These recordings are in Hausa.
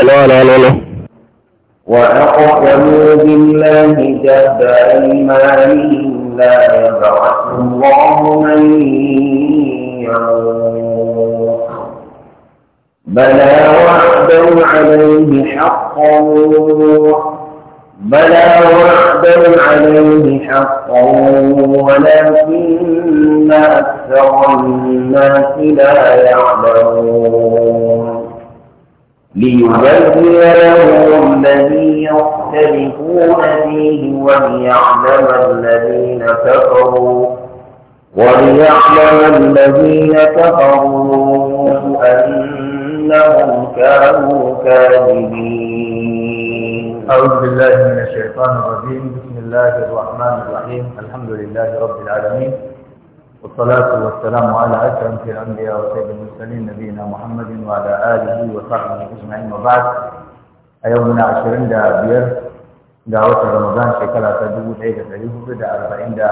الو الو الو, ألو. وأقسموا بالله جهد أيمانهم لا يبعث الله من يموت بلى وعدا عليه حقا بلى وعدا عليه حقا ولكن أكثر الناس لا يعلمون لهم الذي يختلفون فيه وليعلم الذين كفروا وليعلم الذين كفروا أنهم كانوا كاذبين أعوذ بالله من الشيطان الرجيم بسم الله الرحمن الرحيم الحمد لله رب العالمين wasalatu wasalamu ala ake an fiye an biya wa sai da musulmi na biyu muhammadin wa da alihi wa sahara ismail ma ba a yau na ashirin da biyar ga wata ramadan shekara ta dubu daya da dari hudu da arba'in da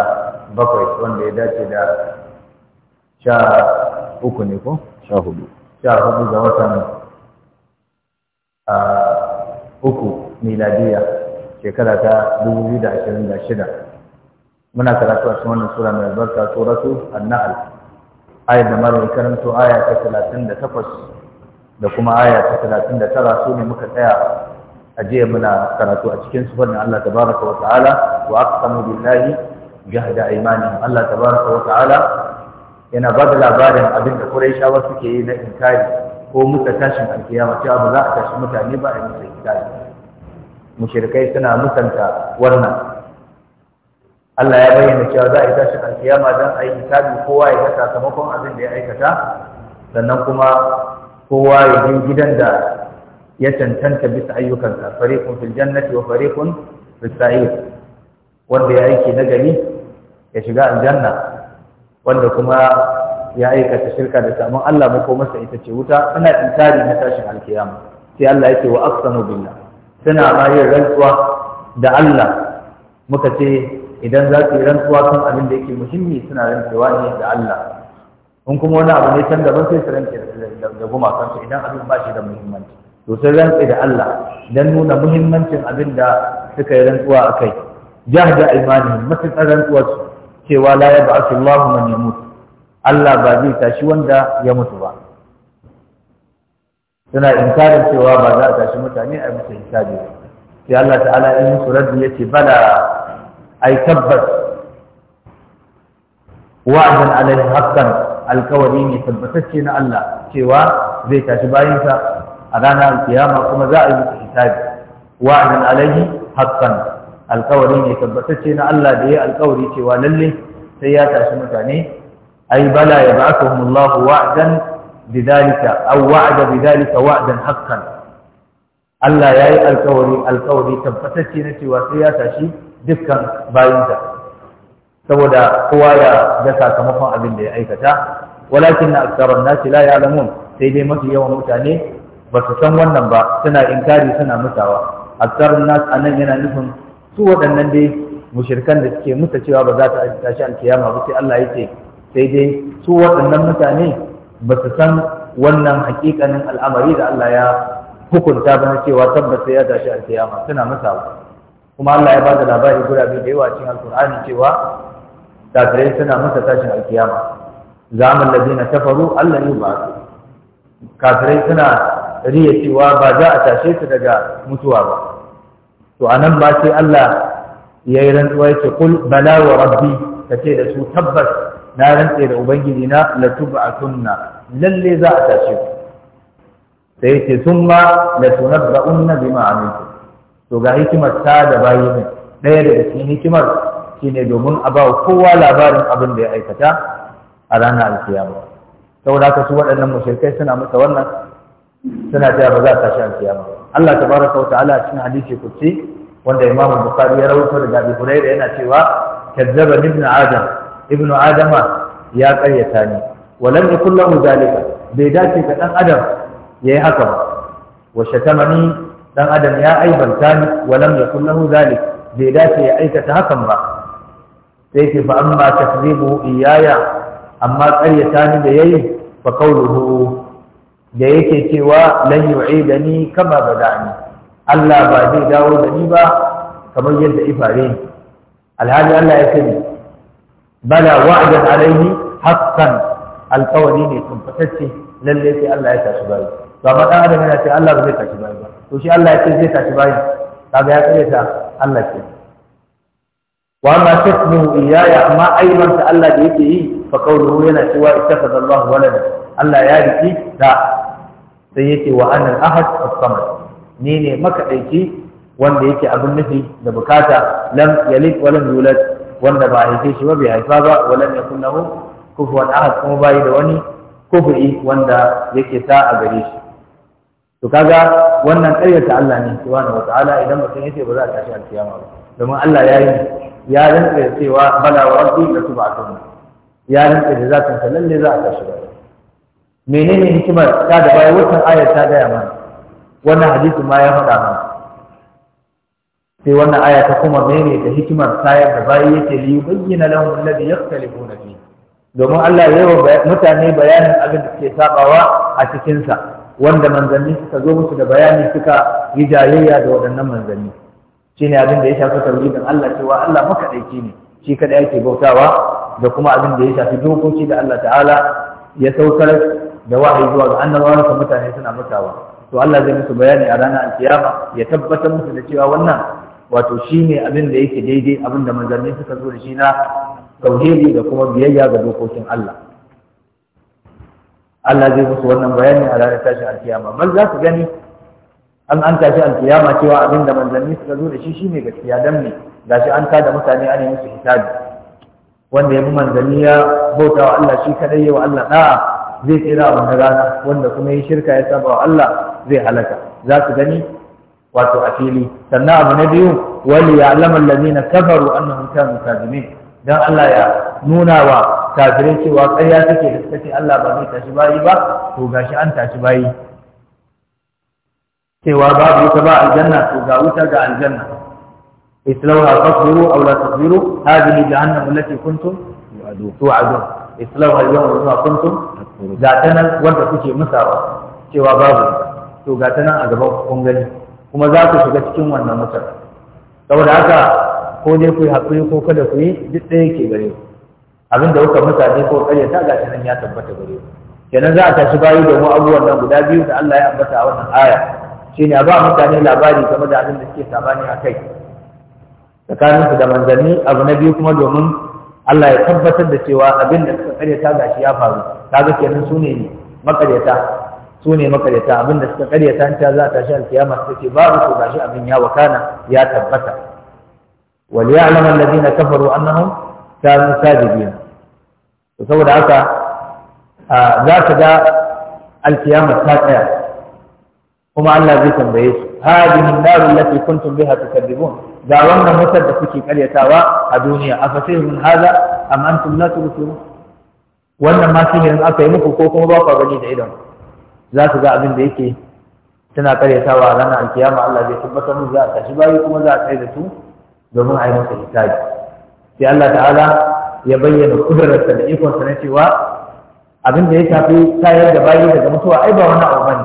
bakwai wanda ya dace da sha uku ne hudu ga watan uku shekara ta dubu biyu da ashirin da shida muna karatu a cikin wannan sura mai albarka suratu an-nahl ayat da malamin karanto aya ta 38 da kuma aya ta talatin da tara su ne muka tsaya a jiya muna karatu a cikin su fannin Allah tabaraka wa ta'ala wa aqsamu billahi jahda aymanihim Allah tabaraka wa ta'ala yana ba da labarin abin da Qurayshawa suke yi na inkari ko muka tashin alkiyama cewa ba za a tashi mutane ba a yi musu inkari mushrikai suna musanta wannan Allah ya bayyana cewa za a yi tashin alkiyama don a yi hisabi kowa ya ga sakamakon abin da ya aikata sannan kuma kowa ya je gidan da ya cancanta bisa ayyukansa fariqun fil jannati wa fariqun fis sa'ir wanda ya aiki na gari ya shiga aljanna wanda kuma ya aikata shirka da samun Allah mai ko masa ita ce wuta ana intari na tashin alkiyama sai Allah yake wa aqsanu billah suna ma yin rantsuwa da Allah muka ce idan za su yi rantsuwa kan abin da yake muhimmi suna rantsuwa ne da Allah in kuma wani abu ne can daban sai su rantse da su idan abin ba shi da muhimmanci to sai rantse da Allah dan nuna muhimmancin abin da suka yi rantsuwa a kai jahda imanin matuƙar rantsuwarsu cewa la ya ba'asu Allah man ya mutu Allah ba zai tashi wanda ya mutu ba suna inkarin cewa ba za a tashi mutane a musu hisabi sai Allah ta'ala in musu raddi yace bala ai tabbas wa'adan alaihi haqqan alkawari ne tabbatacce na Allah cewa zai tashi bayansa a ranar alkiyama kuma za a yi musu hisabi wa'adan alaihi haqqan alkawari ne tabbatacce na Allah da ya alkawari cewa lalle sai ya tashi mutane ai bala ya ba'athumullahu wa'adan bidalika aw wa'ada bidalika wa'adan haqqan Allah yayi alkawari alkawari tabbatacce na cewa sai ya tashi dukkan bayinsa saboda kowa ya ga sakamakon abin da ya aikata walakin na aksarar nasi la ya alamun sai dai mafi yawan mutane ba su san wannan ba suna inkari suna mutawa. aksarar nas a nan yana nufin su waɗannan dai mushirkan da suke musa cewa ba za ta tashi alkiyama ba sai Allah ya ce sai dai su waɗannan mutane ba su san wannan hakikanin al'amari da Allah ya hukunta ba na cewa tabbata ya tashi alkiyama suna mutawa. kuma Allah ya ba da labari gurabe da yawa cikin alkur'ani cewa kafirai suna masa tashin alkiyama zaman lazina kafaru Allah ya ba kafirai suna riya cewa ba za a tashe su daga mutuwa ba to anan ba sai Allah ya yi rantsuwa ya ce kul bala wa rabbi ka ce da su tabbas na rantse da ubangiji na latub'atunna lalle za a tashe ku sai ce summa latunabba'unna bima amiltum to ga hikimar ta da bayi ne ɗaya daga cikin hikimar shine domin a ba kowa labarin abin da ya aikata a ranar alkiyama saboda haka su waɗannan mushrikai suna masa wannan suna cewa ba za ta shi alkiyama Allah tabaraka wa ta'ala cikin hadisi kutsi wanda Imam Bukhari ya rawaito daga Abu Hurairah yana cewa kazzaba ibn Adam ibn Adama ya ƙaryata ni walam yakul lahu zalika bai dace ga dan Adam yayi haka ba wa shatamani dan adam ya aibanta ni walam yakun lahu zalik bai dace ya aikata hakan ba sai ke fa amma takzibu iyaya amma ƙaryata ni da yayi fa qawluhu da yake cewa lan yu'idani kama badani Allah ba zai dawo da ni ba kamar yadda ifare ni alhali Allah ya ce bala wa'dan alaihi haqqan alqawli ne tumfatacce lalle sai Allah ya tashi bai to amma dan adam yana ce Allah ba zai tashi bai ba to shi Allah ya ce zai tashi bayan kaga ya tsare ta Allah ce wa ma tasmu iyaya amma aiman ta Allah da yake yi fa qawluhu yana cewa ittakhadha Allah walada Allah ya riki da sai yake wa anal ahad as-samad ni ne makadaici wanda yake abin nufi da bukata lam yalid wa lam yulad wanda ba haife shi ba bai haifa ba wa lam yakul lahu kufuwan ahad kuma bai da wani kufu'i wanda yake ta a gare shi to kaga wannan ƙaryata Allah ne subhanahu wata'ala idan mutum yace ba za a tashi alkiyama ba domin Allah ya yi ya rantsa cewa bala wa rabbi ka tuba atun ya rantsa da zakan sa lalle za a tashi ba menene hikimar ta da bayan wannan ayar ta gaya mana wannan hadisi ma ya faɗa mana sai wannan aya ta kuma mene da hikimar tayar da bayi yake li yubayyana lahum alladhi yakhtalifuna fi domin Allah ya yi wa mutane bayanin abin da suke sabawa a cikin sa wanda manzanni suka zo musu da bayani suka yi jayayya da waɗannan manzanni shine abin da ya shafi tauhidin Allah cewa Allah makaɗaici ne shi kada yake bautawa da kuma abin da ya shafi dokoki da Allah ta'ala ya saukar da wahayi zuwa ga annabawa da mutane suna mutawa to Allah zai musu bayani a ranar alkiyama ya tabbatar musu da cewa wannan wato shine abin da yake daidai abin da manzanni suka zo da shi na tauhidi da kuma biyayya ga dokokin Allah Allah zai musu wannan bayani a ranar tashin alkiyama bal za su gani an an tashi alkiyama cewa abin da manzanni suka zo da shi shine gaskiya dan Ga gashi an tada mutane ana musu hisabi wanda ya bi manzanni ya bauta wa Allah shi kadai yawa Allah da'a zai tsira a wannan rana wanda kuma ya shirka ya saba wa Allah zai halaka za su gani wato a fili sannan abu na biyu wali ya'lamu allazina kafaru annahum kanu kadimin Don Allah ya nuna wa kafirai cewa ƙarya suke, da suka ce Allah ba zai tashi bayi ba to gashi an tashi bayi cewa babu wuta ba aljanna to ga wuta ga aljanna islauha fasbiru aw la tasbiru hadhihi jahannam allati kuntum tu'adun islauha yawma bima kuntum ga ta wanda kuke musawa cewa babu to ga ta a gaban kun gani kuma za ku shiga cikin wannan wutar saboda haka ko dai ku yi haƙuri ko kada ku yi duk ɗaya ke gare ku abin da kuka mutane ko ƙarya ta gashi nan ya tabbata gare ku kenan za a tashi bayi domin abubuwan nan guda biyu da Allah ya ambata a wannan aya ne a ba mutane labari game da abin da suke sabani a kai tsakanin su da manzanni abu na biyu kuma domin Allah ya tabbatar da cewa abin da suka ta gashi ya faru kaga kenan su ne makaryata su ne makaryata abin da suka karya ta za a tashi alkiyama suka ce babu su gashi abin ya wakana ya tabbata وليعلم الذين كفروا أنهم كانوا ساجدين saboda haka za ka ga alkiyama ta tsaya kuma Allah zai tambaye su hadihin darun lati kuntum biha tukadibun ga wannan wutar da kuke karyatawa a duniya a fasihun haza amma antum la tubsirun wannan ma sihirin aka yi muku ko kuma ba ku gani da idon za su ga abin da yake tana karyatawa a ranar alkiyama Allah zai tabbatar mu za a tashi bayi kuma za a tsaye da su domin a yi masa hisabi sai Allah ta'ala ya bayyana kudurarsa da ikonsa na cewa abin da ya shafi tayar da bayi daga mutuwa ai ba wani abu bane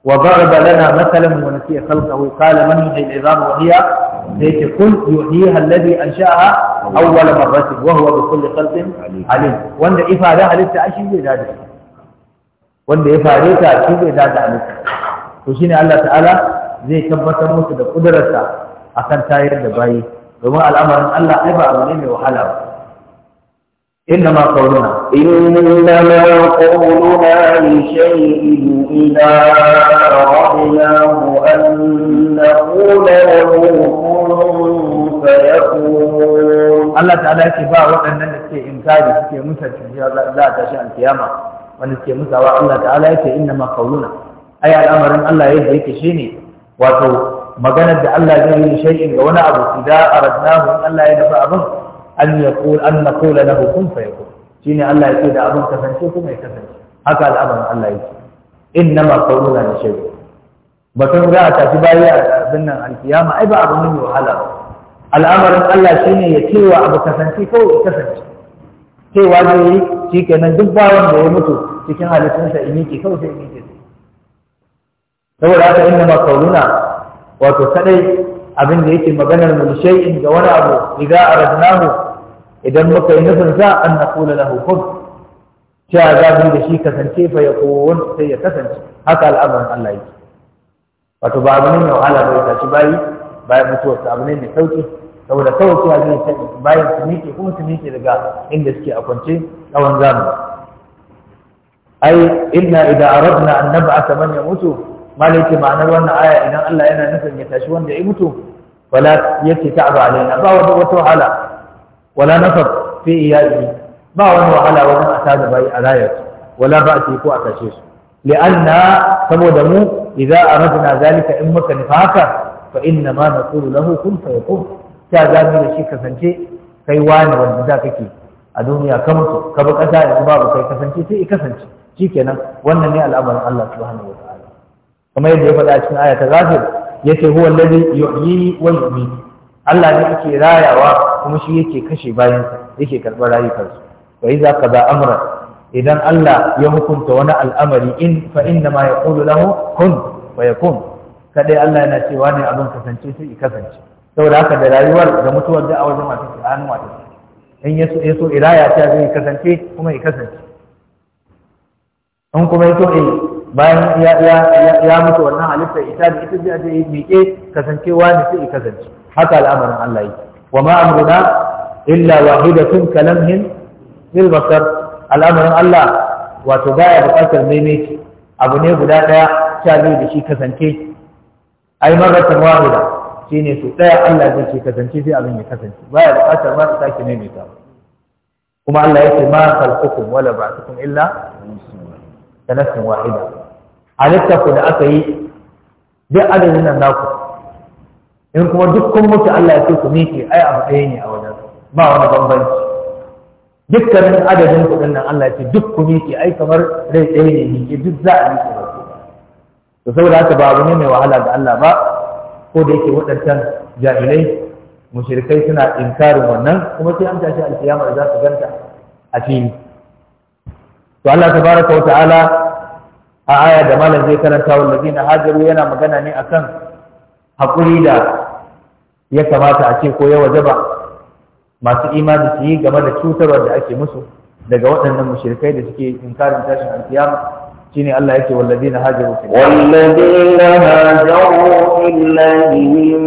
wa daraba lana mathalan wa nasiya khalqahu qala man yuhyi al-'idhama wa hiya sayati kul yuhyiha alladhi ansha'aha awwal marratin wa huwa bi kulli khalqin 'alim wanda ifada halitta a shi zai dade wanda ya fare ta shi zai dade halitta to shine Allah ta'ala zai tabbatar musu da kudurarsa akan tayar da bayi domin al'amarin Allah ai ba abu ne mai wahala ba إنما قولنا إنما قولنا لشيء إذا أردناه أن نقول له كن فيكون الله تعالى يكفى وأن نسكي إنكاري سكي موسى لا تشاء القيامة ونسكي موسى الله تعالى يكفى إنما قولنا أي الأمر أن الله يهديك شيني وتو maganar da Allah zai yi shay'in ga wani abu idan aradnahu Allah ya nufi abin an yaqul an naqula lahu kun fayakun shine Allah ya ce da abin kasance kuma ya kasance haka al'amarin Allah yake innama qawluna li shay'in batun za a tafi bayi a abin nan alkiyama ai ba abu ne mai wahala ba al'amarin Allah shine ya cewa abu kasance kawai ya kasance cewa zai yi shikenan duk bawan da ya mutu cikin halittunsa in yake kawai sai in yake saboda haka inna ma qawluna wato kadai abin da yake maganar mu shay'in ga wani abu idza aradnahu idan muka yi nufin sa an naqula lahu kun cewa za mu da shi kasance fa ya sai ya kasance haka al'amarin Allah yake wato ba abu ne wahala ba ya bayi bayan mutuwarsa abu ne sauki saboda kawai cewa zai sani bayan su miƙe kuma su miƙe daga inda suke a kwance tsawon zamani ai inna idza aradna an nab'atha man yamutu malai ma'anar wannan aya idan Allah yana nufin ya tashi wanda ya mutu wala yake ta'abu alaina ba wata wata wahala wala nasab fi iyali ba wani wahala wajen a tada bayi a rayar wala ba a ko a tashe su li'anna saboda mu idza aradna zalika in muka nufa haka fa inna ma naqulu lahu kun fayakun ta zamu da shi kasance kai wani wanda za kake a duniya ka mutu ka bi kasa yanzu babu kai kasance sai i kasance shikenan wannan ne al'amarin Allah subhanahu wa Kuma yadda ya faɗa cikin aya ta zafir yace huwa allazi yuhyi wa yumiitu Allah ne yake rayawa kuma shi yake kashe bayansa yake karɓar rayukansu wa ka qada amra idan Allah ya hukunta wani al'amari in fa inna ma yaqulu lahu kun wa kun. Kaɗai Allah yana cewa ne abin kasance sai kasance saboda haka da rayuwar da mutuwar da a wajen wata ce an wata in yaso yaso iraya ta zai kasance kuma ya kasance in kuma ya eh bayan ya mutu wannan halitta, ita da ita zai aje miƙe kasancewa ne sai kasance haka al'amarin Allah yake wa ma amruna illa wahidatun kalamhin bil basar al'amarin Allah wato baya buƙatar maimaiti abu ne guda ɗaya sha biyu da shi kasance ai marratan wahida shine su ɗaya Allah zai ce kasance sai abin ya kasance baya buƙatar ma ta sake maimaita kuma Allah yake ma khalqukum wala ba'thukum illa ka nafsin wahida halitta ku da aka yi duk adadin nan naku in kuma dukkan mutu Allah ya ku miƙe ai abu ɗaya ne a wajen ba wani bambanci dukkanin adadin kuɗin nan Allah ya ce duk ku miƙe ai kamar rai ɗaya ne miƙe duk za a miƙe ba to saboda haka ba abu ne mai wahala ga Allah ba ko da yake waɗancan jahilai mushrikai suna inkarin wannan kuma sai an tashi alkiyama da za su ganta a fili to Allah tabaraka wa ta'ala a aya da malam zai karanta wa na hajaru yana magana ne akan hakuri da ya kamata a ce ko ya wajaba masu imani su yi game da cutarwa da ake musu daga waɗannan mushrikai da suke inkarin tashin alkiyama shine Allah yake wa walladina hajaru walladina hajaru illahi min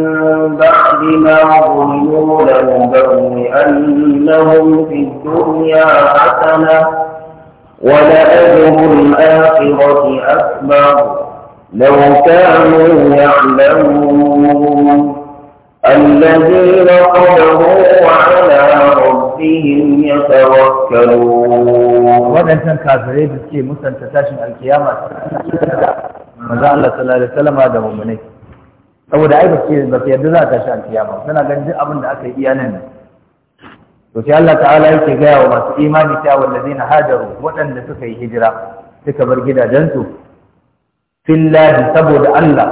ba'di ma zulimu lahum bi annahum fid dunya hasana ولأجر الآخرة أكبر لو كانوا يعلمون الذين قدروا على ربهم يتوكلون وإن كان كافر يبكي مثلا تتاشم القيامة ماذا الله صلى الله عليه وسلم هذا هو منك أبو دعي بكي بكي يدوذا تتاشم القيامة فأنا قد جاء أبن دعك إيانين to sai Allah ta'ala yake gaya wa masu imani ta wallazina hajaru waɗanda suka yi hijira suka bar gidajensu fillahi saboda Allah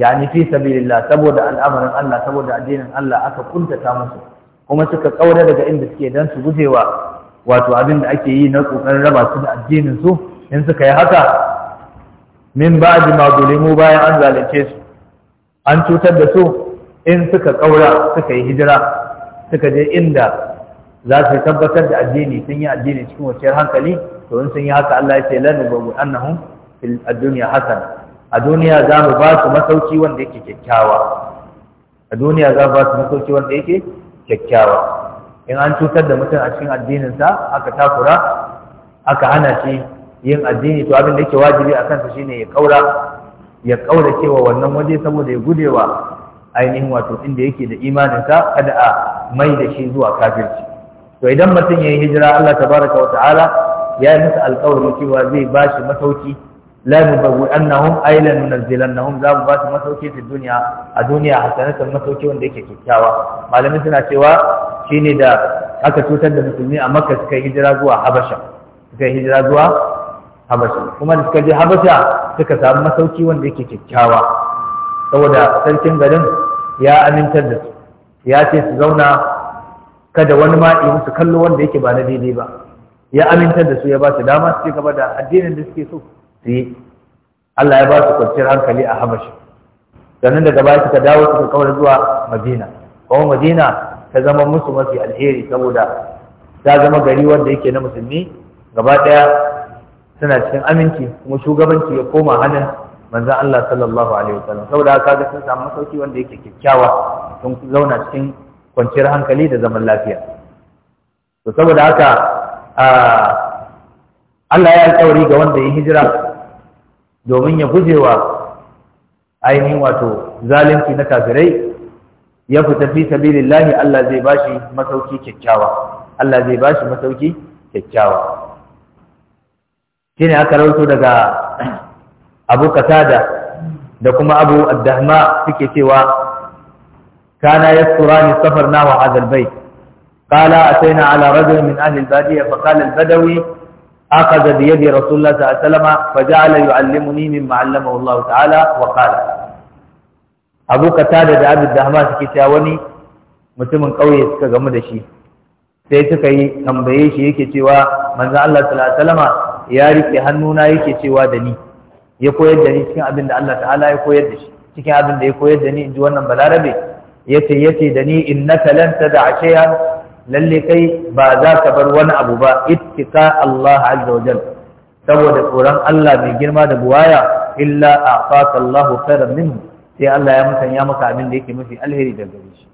yani fi sabilillah saboda al'amarin Allah saboda addinin Allah aka kuntata musu kuma suka kaura daga inda suke dan su gujewa wato abin da ake yi na kokarin raba su da addinin su in suka yi haka min ba'di ma zulimu bayan an zalunce su an cutar da su in suka kaura suka yi hijira suka je inda za su tabbatar da addini sun yi addini cikin waciyar hankali to in sun yi haka Allah ya ce lanu ba mu annahum fil adunya hasana a duniya za mu ba su masauki wanda yake kyakkyawa a duniya za mu ba su masauki wanda yake kyakkyawa in an cutar da mutum a cikin sa aka takura aka hana shi yin addini to abin da yake wajibi a kansa shine ya kaura ya kaura cewa wannan waje saboda ya gudewa ainihin wato inda yake da imanin sa kada a mai da shi zuwa kafirci to idan mutum ya yi hijira Allah tabaraka wa ya yi masa alƙawarin cewa zai ba shi masauki la nubawwi annahum ay la nunazzilannahum za mu ba su masauki ta duniya a duniya hasanatan masauki wanda yake kyakkyawa malamin suna cewa shine da aka cutar da musulmi a Makka suka hijira zuwa Habasha suka hijira zuwa Habasha kuma da suka je Habasha suka samu masauki wanda yake kyakkyawa saboda sarkin garin ya amintar da su ya ce su zauna kada wani ma yi musu kallo wanda yake ba na daidai ba ya amintar da su ya ba su dama su gaba da addinin da suke so su yi Allah ya ba su kwanciyar hankali a Habasha. sannan daga baya suka dawo suka kawar zuwa Madina kuma Madina ta zama musu mafi alheri saboda ta zama gari wanda yake na musulmi gaba daya suna cikin aminci kuma shugabanci ya koma hannun manzon Allah sallallahu alaihi wasallam saboda haka ga sun samu sauki wanda yake kyakkyawa sun zauna cikin kwanciyar hankali da zaman lafiya to saboda haka Allah ya alƙawari ga wanda ya hijira domin ya guje wa ainihin wato zalunci na kafirai ya fita fi sabilillahi Allah zai bashi masauki kyakkyawa Allah zai bashi masauki kyakkyawa shine aka rawaito daga Abu Qatada da kuma Abu ad suke cewa كانا يذكران سفرنا وهذا البيت قال أتينا على رجل من أهل البادية فقال البدوي أخذ بيد رسول الله صلى الله عليه وسلم فجعل يعلمني مما علمه الله تعالى وقال أبو قتادة أبي الدهماس كتاوني mutumin ƙauye suka gamu da shi sai suka yi tambaye shi yake cewa manzan Allah sallallahu alaihi ya rike hannuna yake cewa da ni ya koyar da ni cikin abin da Allah ta'ala ya koyar da shi cikin abin da ya koyar da ni in ji wannan balarabe yace yace da ni innaka lan da shay'an lalle kai ba za ka bar wani abu ba ittika Allah azza wa saboda tsoron Allah mai girma da buwaya illa a'taka Allahu khairan minhu sai Allah ya musanya maka abin da yake mafi alheri da gare shi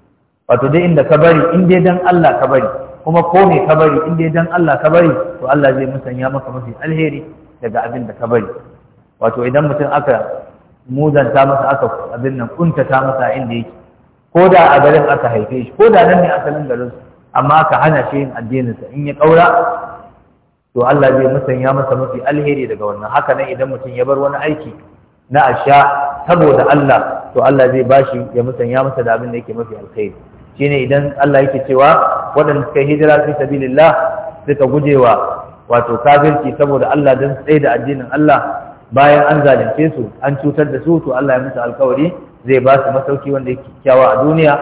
wato dai inda ka bari in dai dan Allah ka bari kuma ko ne ka bari in dai dan Allah ka bari to Allah zai ya maka mafi alheri daga abin da ka bari wato idan mutum aka muzanta masa aka abin nan ta masa inda yake ko da a garin aka haife shi ko da nan ne asalin garin amma aka hana shi yin addininsa in ya ƙaura to Allah zai musanya masa mafi alheri daga wannan haka nan idan mutum ya bar wani aiki na asha saboda Allah to Allah zai bashi ya musanya masa da abin da yake mafi alkhairi shine idan Allah yake cewa waɗanda suka hijira fi sabilillah suka gujewa wato kafirci saboda Allah don tsaye da addinin Allah bayan an zalunce su an cutar da su to Allah ya musu alkawari zai ba su masauki wanda yake kyawa a duniya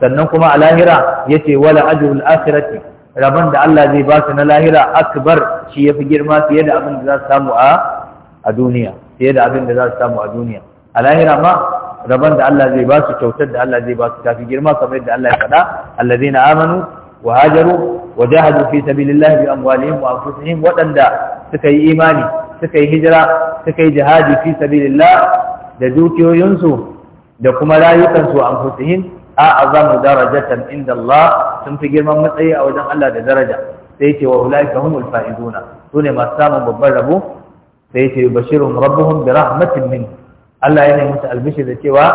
sannan kuma a lahira ya ce wala ajrul akhirati rabon da Allah zai ba su na lahira akbar shi ya fi girma fiye da abin da za su samu a duniya fiye da abin da za su samu a duniya a lahira ma rabon da Allah zai ba su kyautar da Allah zai ba su tafi girma kamar yadda Allah ya faɗa na amanu wa hajaru wa jahadu fi sabilillahi bi amwalihim wa anfusihim waɗanda suka yi imani suka yi hijira suka yi jihadi fi sabilillah da dukiyoyinsu da kuma rayukansu an fusihin a azamu darajatan inda Allah sun fi girman matsayi a wajen Allah da daraja sai ce wa ulaika humul sune masu samun babban rabo sai ce bashirun rabbuhum bi rahmatin min Allah yana musu albishir da cewa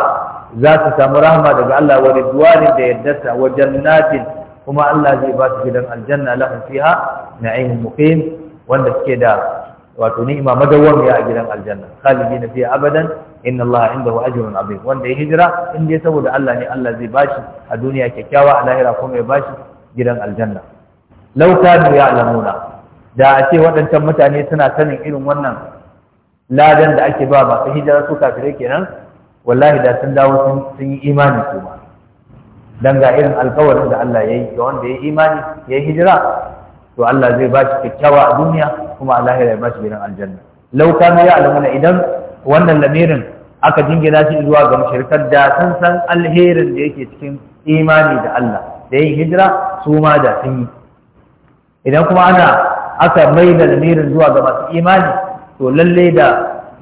za su samu rahma daga Allah wa ridwanin da yaddarsa wajen natin kuma Allah zai ba su gidan aljanna lahum fiha na'imun muqim wanda suke da wato ni'ima madawwamiya a gidan aljanna khalidina fiha abadan inna Allah indahu ajrun abin. wanda ya hijira in dai saboda Allah ne Allah zai bashi a duniya kyakkyawa a lahira kuma ya bashi gidan aljanna law ya ya'lamuna da a ce waɗancan mutane suna sanin irin wannan ladan da ake ba masu hijira su kafirai kenan wallahi da sun dawo sun yi imani su ba dan ga irin alkawarin da Allah ya yi ga wanda ya yi imani ya yi hijira to Allah zai bashi kyakkyawa a duniya kuma a lahira ya bashi gidan aljanna law ya ya'lamuna idan wannan lamirin aka jingina shi zuwa ga mushrikan da san san alherin da yake cikin imani da Allah da yin hijira su ma da sun yi idan kuma ana aka mai da lamirin zuwa ga masu imani to lalle da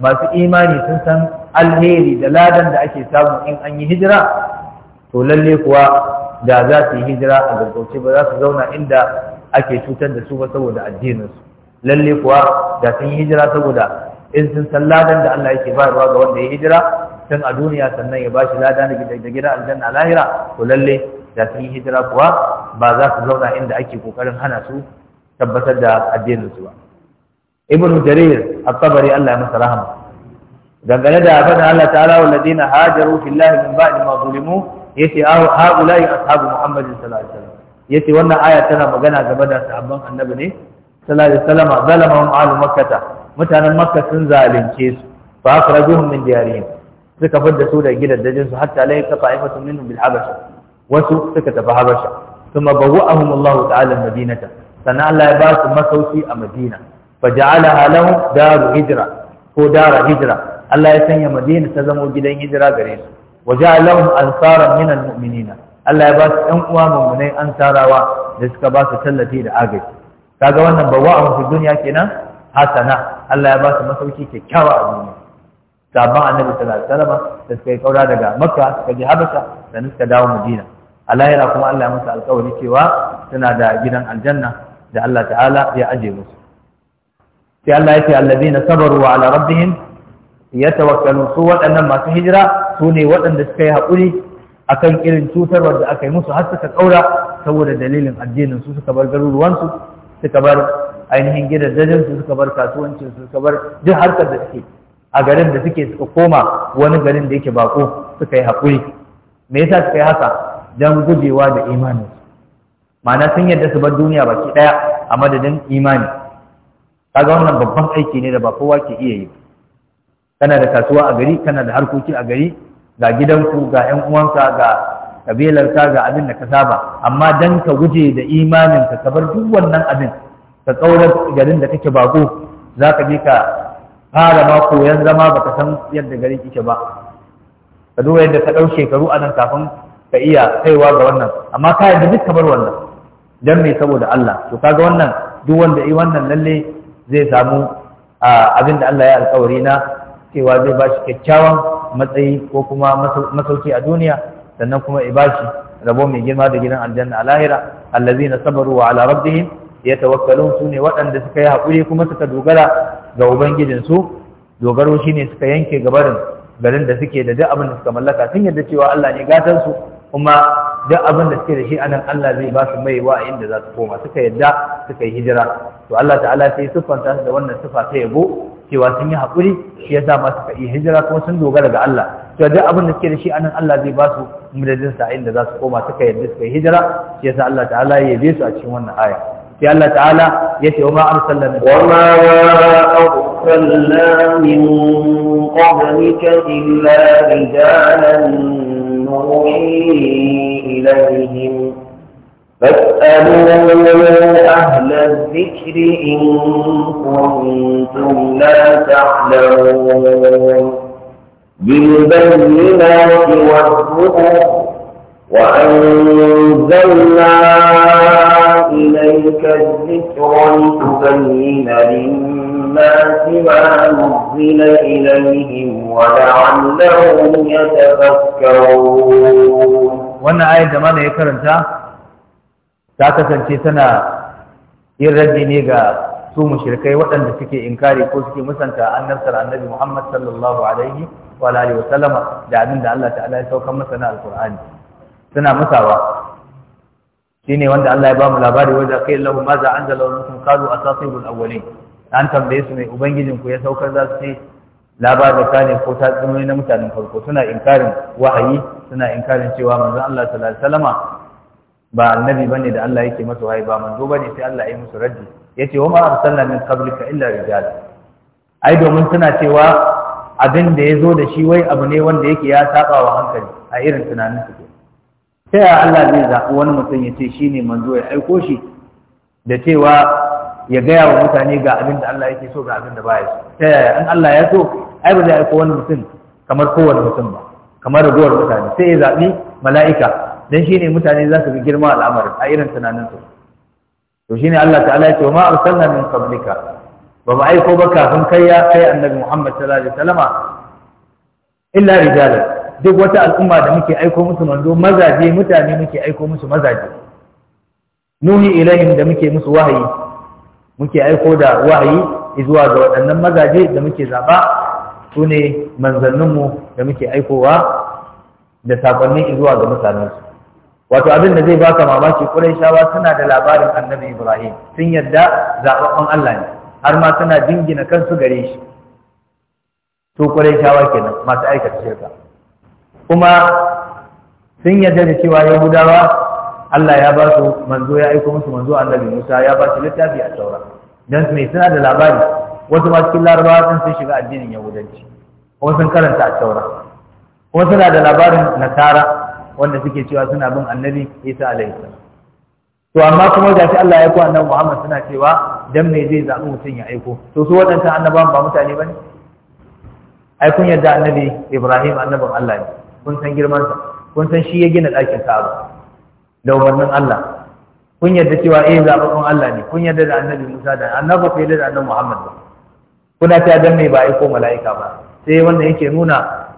masu imani sun san alheri da ladan da ake samu in an yi hijira to lalle kuwa da za su yi hijira a gargauce ba za su zauna inda ake cutar da su ba saboda addininsu lalle kuwa da sun yi hijira saboda in sun san ladan da Allah yake bayarwa ga wanda ya hijira tun a duniya sannan ya bashi lada na gida da gida aljanna lahira to lalle da sun yi hijira kuwa ba za su zauna inda ake kokarin hana su tabbatar da addinin su ba ibn jarir at-tabari Allah ya masa rahama dangane da faɗin Allah ta'ala walladina hajaru fillahi min ba'di ma zulimu yace ah, haulai ashabu muhammadin sallallahu alaihi wasallam yace wannan aya tana magana game da sahabban annabi ne sallallahu alaihi wasallam zalamahum ahlu makkah mutanen makka sun zalunce su fa akhrajuhum min diyarihim suka fadda su da da su hatta lai ta fa'ifatu minhum bil habasha wasu suka tafi habasha kuma bawwa'ahum Allah ta'ala madinata sannan Allah ya ba su masauki a madina fa ja'alaha lahum daru hijra ko dara hijra Allah ya sanya madina ta zama gidan hijira gare su wa ja'alahum ansaran min muminina Allah ya ba su ɗan uwa mummunai ansarawa da suka ba su tallafi da agaji kaga wannan a fi dunya kenan hasana Allah ya ba su masauki kyakkyawa a duniya sabon annabi sallallahu alaihi wasallam da suka yi kaura daga makka suka je habasha da suka dawo madina a lahira kuma Allah ya musu alkawari cewa suna da gidan aljanna da Allah ta'ala ya aje musu sai Allah ya ce allazina sabaru wa ala rabbihim yatawakkalun su waɗannan masu hijira su ne waɗanda suka yi haƙuri akan irin cutarwar da aka yi musu har suka kaura saboda dalilin addinin su suka bar garuruwansu suka bar ainihin gidajen su suka bar kasuwancin su suka bar duk harkar da suke a garin da suke suka koma wani garin da yake bako suka yi haƙuri me yasa suka yi haka don gujewa da imanin ma'ana sun yadda su bar duniya baki ɗaya a madadin imani kaga wannan babban aiki ne da ba kowa ke iya yi kana da kasuwa a gari kana da harkoki a gari ga gidanku ga 'yan uwanka ga kabilarka ga abin da ka saba amma dan ka guje da imaninka ka bar duk wannan abin ka ƙaunar garin da kake bako za ka je ka fara ma koyon zama ba ka san yadda gari kike ba ka duba yadda ta ɗau shekaru a nan kafin ka iya kaiwa ga wannan amma ka yadda duk kamar wannan don mai saboda Allah to kaga wannan duk wanda yi wannan lalle zai samu abin da Allah ya alkawari na cewa zai ba shi kyakkyawan matsayi ko kuma masauki a duniya sannan kuma ya ba shi rabo mai girma da gidan aljanna a lahira allazina sabaru wa ala rabbihim ya tawakkalun su ne waɗanda suka yi hakuri kuma suka dogara ga ubangijinsu dogaro shi ne suka yanke gabarin garin da suke da duk abin da suka mallaka sun yadda cewa Allah ne gatansu kuma duk abin da suke da shi anan Allah zai ba su mai wa inda za su koma suka yadda suka yi hijira to Allah ta'ala sai siffanta su da wannan sifa ta yabo cewa sun yi haƙuri shi yasa ma suka yi hijira kuma sun dogara ga Allah to duk abin da suke da shi anan Allah zai ba su madadin sa inda za su koma suka yadda suka yi hijira shi yasa Allah ta'ala ya yabe su a cikin wannan aya في الله تعالى يتي وما أرسل من وما أرسلنا من قبلك إلا رجالا نوحي إليهم فاسألوا أهل الذكر إن كنتم لا تعلمون بالبينات والزهور وأنزلنا إليك الذكر لتبين للناس ما نزل إليهم ولعلهم يتفكرون wannan ayat da mana ya karanta ta kasance tana yin raddi ne ga su mushrikai waɗanda suke inkari ko suke musanta annabtar annabi Muhammad sallallahu alaihi wa alihi wa sallama da abin da Allah ta'ala ya saukar masa na alqur'ani suna musawa ne wanda Allah ya ba mu labari wajen kai lahu ma za anzala wa minkum qalu asatirul awwalin an tambaye su mai ubangijin ku ya saukar za su ce labarin ta ne ko ta tsimoni na mutanen farko suna inkarin wahayi suna inkarin cewa manzon Allah sallallahu alaihi wasallama ba annabi bane da Allah yake masa wahayi ba manzo bane sai Allah ya yi musu raddi yace wa ma arsalna min qablika illa rijal ai domin suna cewa abin da ya zo da shi wai abu ne wanda yake ya saba wa hankali a irin tunanin su ta yaya Allah zai zaɓi wani mutum ya ce shi ne manzo ya aiko shi da cewa ya gaya wa mutane ga abin da Allah yake so ga abin da ba ya so ta yaya in Allah ya so ai ba zai aiko wani mutum kamar kowane mutum ba kamar raguwar mutane sai ya zaɓi mala'ika dan shi ne mutane za su fi girma al'amarin a irin tunaninsu to shi ne Allah ta'ala ya ce ma arsalna min qablika ba mu aiko ba kafin kai ya kai annabi Muhammad sallallahu alaihi wasallama illa rijalan duk wata al'umma da muke aiko musu manzo mazaje mutane muke aiko musu mazaje nuhi ilayhim da muke musu wahayi muke aiko da wahayi zuwa ga waɗannan mazaje da muke zaɓa su ne manzanninmu da muke aikowa da sakonni zuwa ga mutanensu wato abin da zai baka mamaki shawa tana da labarin Annabi Ibrahim sun yadda zaɓaɓɓen Allah ne har ma tana dingina kansu gare shi to shawa kenan masu aikata shirka kuma sun yarda da cewa yahudawa Allah ya ba su manzo ya aiko musu manzo annabi Musa ya ba su littafi a taura dan ne suna da labari wasu ma cikin larabawa sun sun shiga addinin yahudanci kuma sun karanta a taura kuma suna da labarin nasara wanda suke cewa suna bin annabi Isa alaihi salam to amma kuma da shi Allah ya aiko annabi Muhammad suna cewa dan me zai zabi mutun ya aiko to su waɗannan annabawan ba mutane bane ai kun yarda annabi Ibrahim annabin Allah ne kun san girmansa kun san shi ya gina ɗakin ka'aba da umarnin Allah kun yarda cewa eh zaɓaɓɓen Allah ne kun yarda da annabi Musa da annabi ko da annabi Muhammad ba kuna ta dan mai ba aiko mala'ika ba sai wanda yake nuna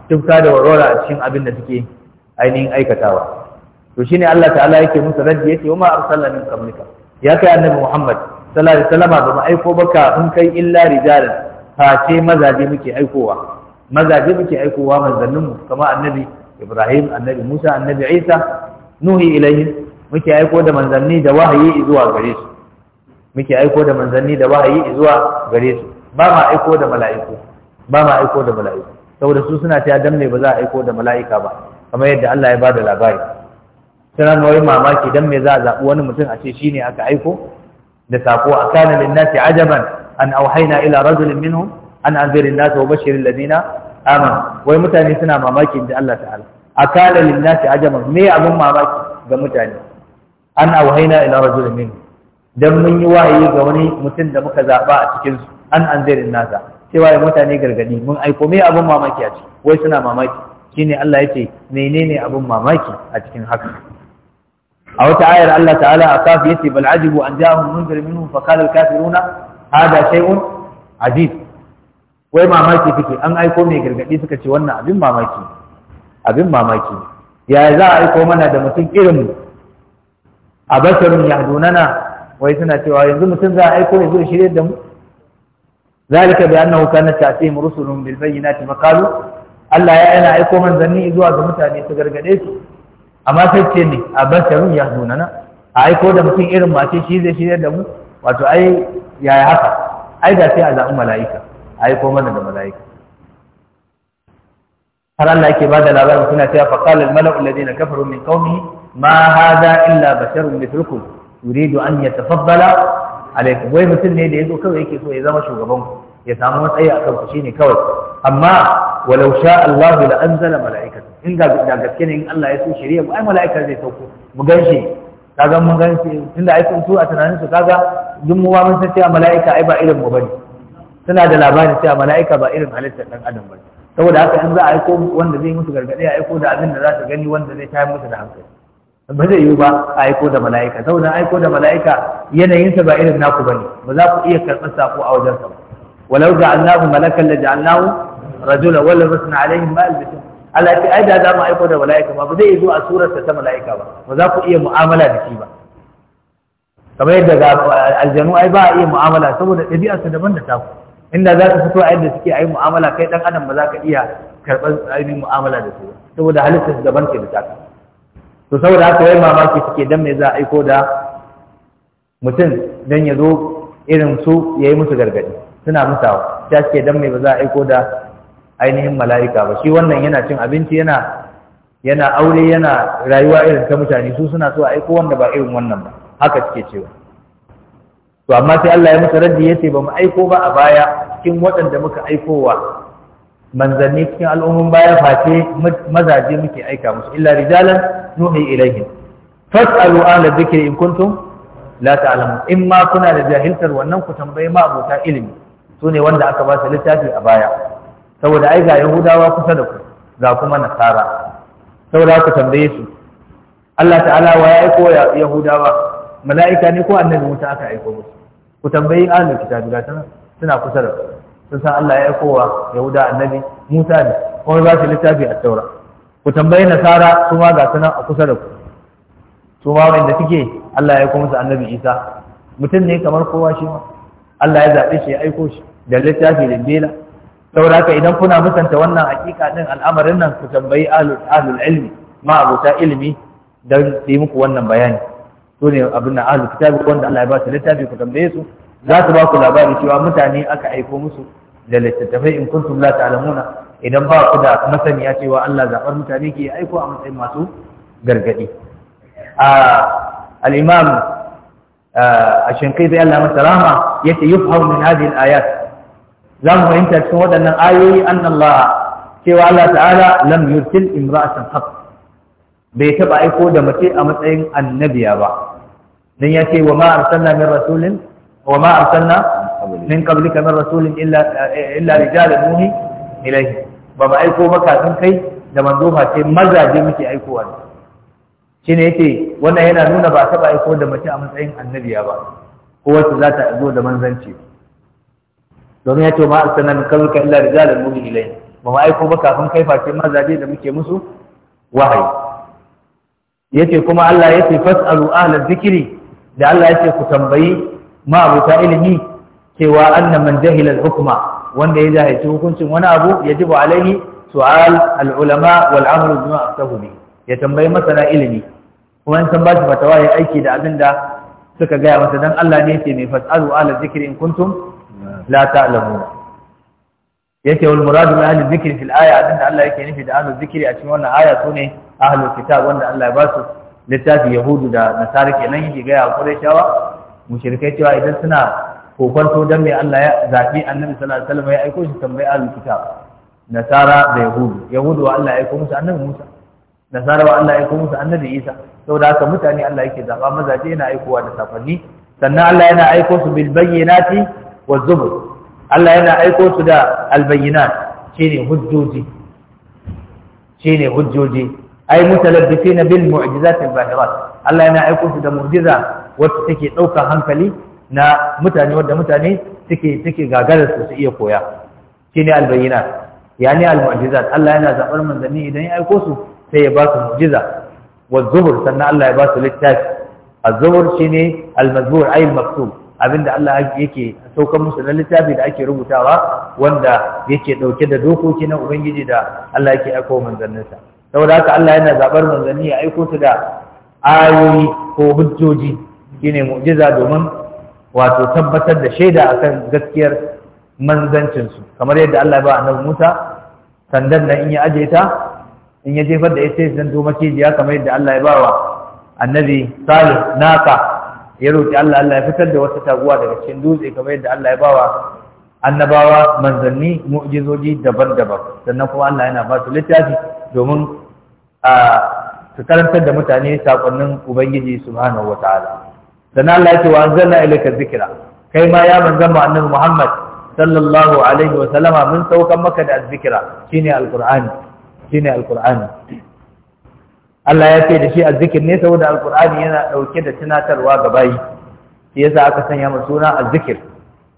tufka da warwara a cikin abin da suke ainihin aikatawa to shine Allah ta'ala yake musu raddi yace wama arsalna min qablika ya kai annabi Muhammad sallallahu alaihi wasallam ba mu aiko baka kun kai illa rijalan ce mazaje muke aikowa mazaje muke aikowa manzanninmu kama annabi ibrahim annabi musa annabi isa nuhi ilayhi muke aiko da manzanni da wahayi zuwa gare su muke aiko da manzanni da wahayi zuwa gare su ba ma aiko da mala'iku ba ma aiko da mala'iku saboda su suna ta danne ba za a aiko da mala'ika ba kamar yadda Allah ya bada labari suna noyi mamaki dan me za a zaɓi wani mutum a ce shine aka aiko da sako a kana lin nasi ajaban an auhaina ila rajulin minhum an anzirin nasa wa bashirin ladina aman wai mutane suna mamakin da Allah ta'ala akala lin nasi ajaban me abin mamaki ga mutane an awhayna ila rajulin min dan mun yi wahayi ga wani mutum da muka zaɓa a cikinsu, an anzirin nasa cewa ya mutane gargadi mun aiko me abin mamaki a ciki wai suna mamaki shine Allah ya ce menene abin mamaki a cikin haka a wata ayar Allah ta'ala a kafi yace bal ajibu an ja'ahum munzir minhum fa qala al kafiruna hada shay'un aziz wai mamaki kake an aiko mai gargadi suka ce wannan abin mamaki abin mamaki ya za a aiko mana da mutum irinmu a ya dunana, wai suna cewa yanzu mutum za a aiko ya zo shirye da mu zalika bi annahu kana ta'tihim rusulun bil bayyinati fa qalu Allah ya yana aiko manzanni zuwa ga mutane su gargade su amma sai ce ne a ya dunana? a aiko da mutum irin ce shi zai shirye da mu wato ai yaya haka ai da sai a zaɓi mala'ika aiko mana da mala'ika har Allah yake da labarin suna cewa fa qala al mala'u alladhina kafaru min qaumihi ma hadha illa basharun mithlukum yuridu an yatafaddala alaykum wai mutum ne da yazo kawai yake so ya zama shugaban ku ya samu matsayi akan ku shine kawai amma walau sha Allah la anzala mala'ikatan in ga da gaske ne in Allah ya so shari'a ai mala'ika zai sauko mu ganshi kaga mun ganshi tunda ai kun su a tunanin su kaga duk mu ba mun san cewa mala'ika ai ba irin mu bane suna da labari cewa mala'ika ba irin halittar dan adam ba saboda haka in za a aiko wanda zai musu gargaɗi a aiko da abin da za su gani wanda zai tayar musu da hankali ba zai yiwu ba a aiko da mala'ika saboda aiko da mala'ika yanayinsa ba irin naku bane ba za ku iya karɓar sako a wajensa ba walau ja'alnahu malakan la ja'alnahu rajula wala basna alaihim ma albisu Allah ya ai da za mu aiko da mala'ika ba ba zai zo a surarsa ta mala'ika ba ba za ku iya mu'amala da shi ba kamar yadda aljanu ai ba a iya mu'amala saboda ɗabi'arsa daban da taku inda za ka fito a yadda suke a yi mu'amala kai dan adam ba za ka iya karɓar ainihin mu'amala da su ba saboda halittar su daban ke da taka to saboda haka wai mamaki suke dan me za a aiko da mutum dan ya zo irin su ya yi musu gargaɗi suna musawa ta suke dan me ba za a aiko da ainihin mala'ika ba shi wannan yana cin abinci yana yana aure yana rayuwa irin ta mutane su suna so a aiko wanda ba irin wannan ba haka suke cewa to amma sai Allah ya masa raddi yace ba mu aiko ba a baya cikin waɗanda muka aikowa manzanni cikin al'ummar baya face mazaje muke aika musu illa rijalan nuhi ilaihim fas'alu ahla dhikri in kuntum la ta'lamun in ma kuna da jahiltar wannan ku tambaye ma abota ilimi su ne wanda aka ba su littafi a baya saboda ai ga yahudawa kusa da ku ga kuma nasara saboda ku tambaye su Allah ta'ala wa ya aiko yahudawa mala'ika ne ko annabi wuta aka aiko musu ku tambayi ahlul kitabi ga suna kusa da sun san Allah ya yi kowa Yahuda annabi Musa ne kuma za su littafi a taura ku tambayi nasara su ma ga sunan a kusa da ku su ma wanda suke Allah ya yi kuma su annabi Isa mutum ne kamar kowa shi ma Allah ya zaɓe shi ya aiko shi da littafi da bela saboda ka idan kuna musanta wannan hakika din al'amarin nan ku tambayi ahlul ilmi ma abota ilmi dan yi muku wannan bayani su ne abin na ahlul kitabi wanda Allah ya ba su littafi ku tambaye su za su ba ku labari cewa mutane aka aiko musu da littattafai in kuntum la ta'lamuna idan ba ku da masaniya cewa Allah zaɓar mutane ke aiko a matsayin masu gargaɗi a al-imam ash-shinqiti Allah masa rahma yace yufhamu min hadhihi al-ayat za mu fahimta cikin waɗannan ayoyi anna Allah cewa Allah ta'ala lam yursil imra'atan haqq bai taba aiko da mace a matsayin annabiya ba dan ya ce wa ma arsalna min rasulin wa ma arsalna min qablika min rasulin illa illa rijalan nuhi ilayhi ba ba aiko maka sun kai da manzo ba sai mazaje muke shi ne yake wannan yana nuna ba taba aiko da mace a matsayin annabiya ba ko wacce za ta zo da manzanci domin ya ce ma arsalna min qablika illa rijalan nuhi ilayhi ba ma aiko ba kafin kai face mazaje da muke musu wahayi yace kuma Allah yace fasalu ahla zikiri? da Allah yace ku tambayi ma abuta ilimi cewa anna man jahila al-hukma wanda ya jahilci hukuncin wani abu yajibu alaihi su'al al-ulama wal amru bima aftahu bi ya tambayi masana ilimi kuma in san ba shi fatawa ya aiki da abin da suka gaya masa dan Allah ne yace mai fasalu ahla zikiri in kuntum la ta'lamun yake wal muradu min ahli dhikri fil aya abinda Allah yake nufi da ahli dhikri a cikin wannan aya sune ahlul kitab wanda Allah ya ba su littafi yahudu da nasara kenan yake ga ya shawa mushrikai cewa idan suna kokonto dan me Allah ya zabi annabi sallallahu alaihi wasallam ya aiko shi tambayi ahlul kitab nasara da yahudu yahudu wa Allah ya aiko musu annabi Musa nasara wa Allah ya aiko musu annabi Isa saboda haka mutane Allah yake zaba mazaje yana aikowa da safanni sannan Allah yana aiko su bil bayyinati wa zubur Allah yana aiko su da albayyinat shine hujjoji shine hujjoji ay mutalabbisina bil mu'jizat al-zahirat Allah yana aiko su da mu'jiza wacce take daukar hankali na mutane wanda mutane suke suke gagarar su su iya koya shine albayyinat yani al-mu'jizat Allah yana zabar manzanni idan ya aiko su sai ya ba su mu'jiza wa zubur sannan Allah ya ba su littafi az-zubur shine al-mazbur ay al-maktub Abin da Allah yake saukan musu na littafi da ake rubutawa wanda yake dauke da dokoki na ubangiji da Allah yake aiko manzanninsa saboda haka Allah yana zaɓar manzanni ya aiko su da ayoyi ko hujjoji shine mu'jiza domin wato tabbatar da shaida a kan gaskiyar manzancinsu kamar yadda Allah ya ba annabi Musa sandan nan in ya aje ta in ya jefar da ita zan zo macijiya kamar yadda Allah ya ba wa annabi Salih naka ya roƙi Allah Allah ya fitar da wata taguwa daga cikin dutse kamar yadda Allah ya bawa annabawa manzanni mu'jizoji daban-daban sannan kuma Allah yana ba su littafi domin a su karantar da mutane sakonnin ubangiji subhanahu wataala sannan Allah ya ce wa anzalna ilayka dhikra kai ma ya manzan mu annabi Muhammad sallallahu alaihi wa sallama mun saukan maka da azzikira shine alqur'ani shine alqur'ani Allah ya ce da shi azzikir ne saboda alqur'ani yana ɗauke da tunatarwa ga bayi shi yasa aka sanya masa suna azzikir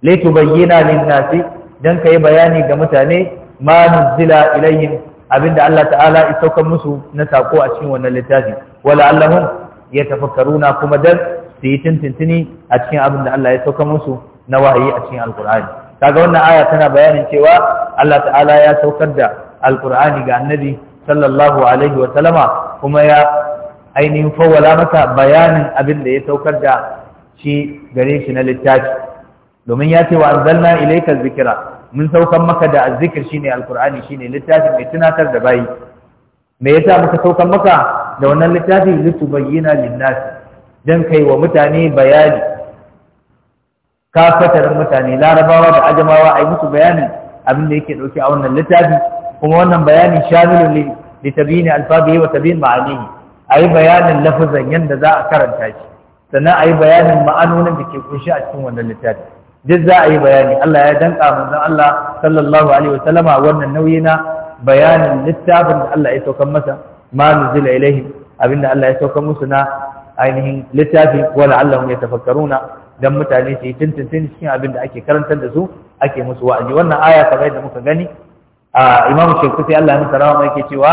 litubayyana lin-nasi dan kai bayani ga mutane ma nuzila ilayhim abinda Allah ta'ala ya saukar musu na sako a cikin wannan littafi wala allahum yatafakkaruna kuma dan su yi tuntuntuni a cikin abinda Allah ya saukar musu na wahayi a cikin alqur'ani kaga wannan aya tana bayanin cewa Allah ta'ala ya saukar da alqur'ani ga annabi sallallahu alaihi wa sallama kuma ya ainihin fawwala masa bayanin abin da ya saukar da shi gare shi na littafi domin ya ce wa anzalna ilayka zikira mun saukan maka da azzikir shine alqur'ani shine littafin mai tunatar da bayi me yasa muka saukan maka da wannan littafi litubayyana lin dan kai wa mutane bayani kafatarin mutane larabawa da ajamawa ai musu bayanin abin da yake dauke a wannan littafi kuma wannan bayani shamilun li tabini alfabihi wa tabin ma'anihi ayi bayanin lafazan yanda za a karanta shi sannan ayi bayanin ma'anonin da ke kunshi a cikin wannan littafi duk za a yi bayani Allah ya danka manzon Allah sallallahu alaihi wasallama wannan nauyi na bayanin littafin da Allah ya saukar masa ma nuzila ilaihim abinda Allah ya sauka musu na ainihin littafi wala allahum yatafakkaruna dan mutane su yi tuntuntun cikin abin da ake karantar da su ake musu wa'azi wannan aya kamar yadda muka gani a imamu shekufi Allah ya musara mai ke cewa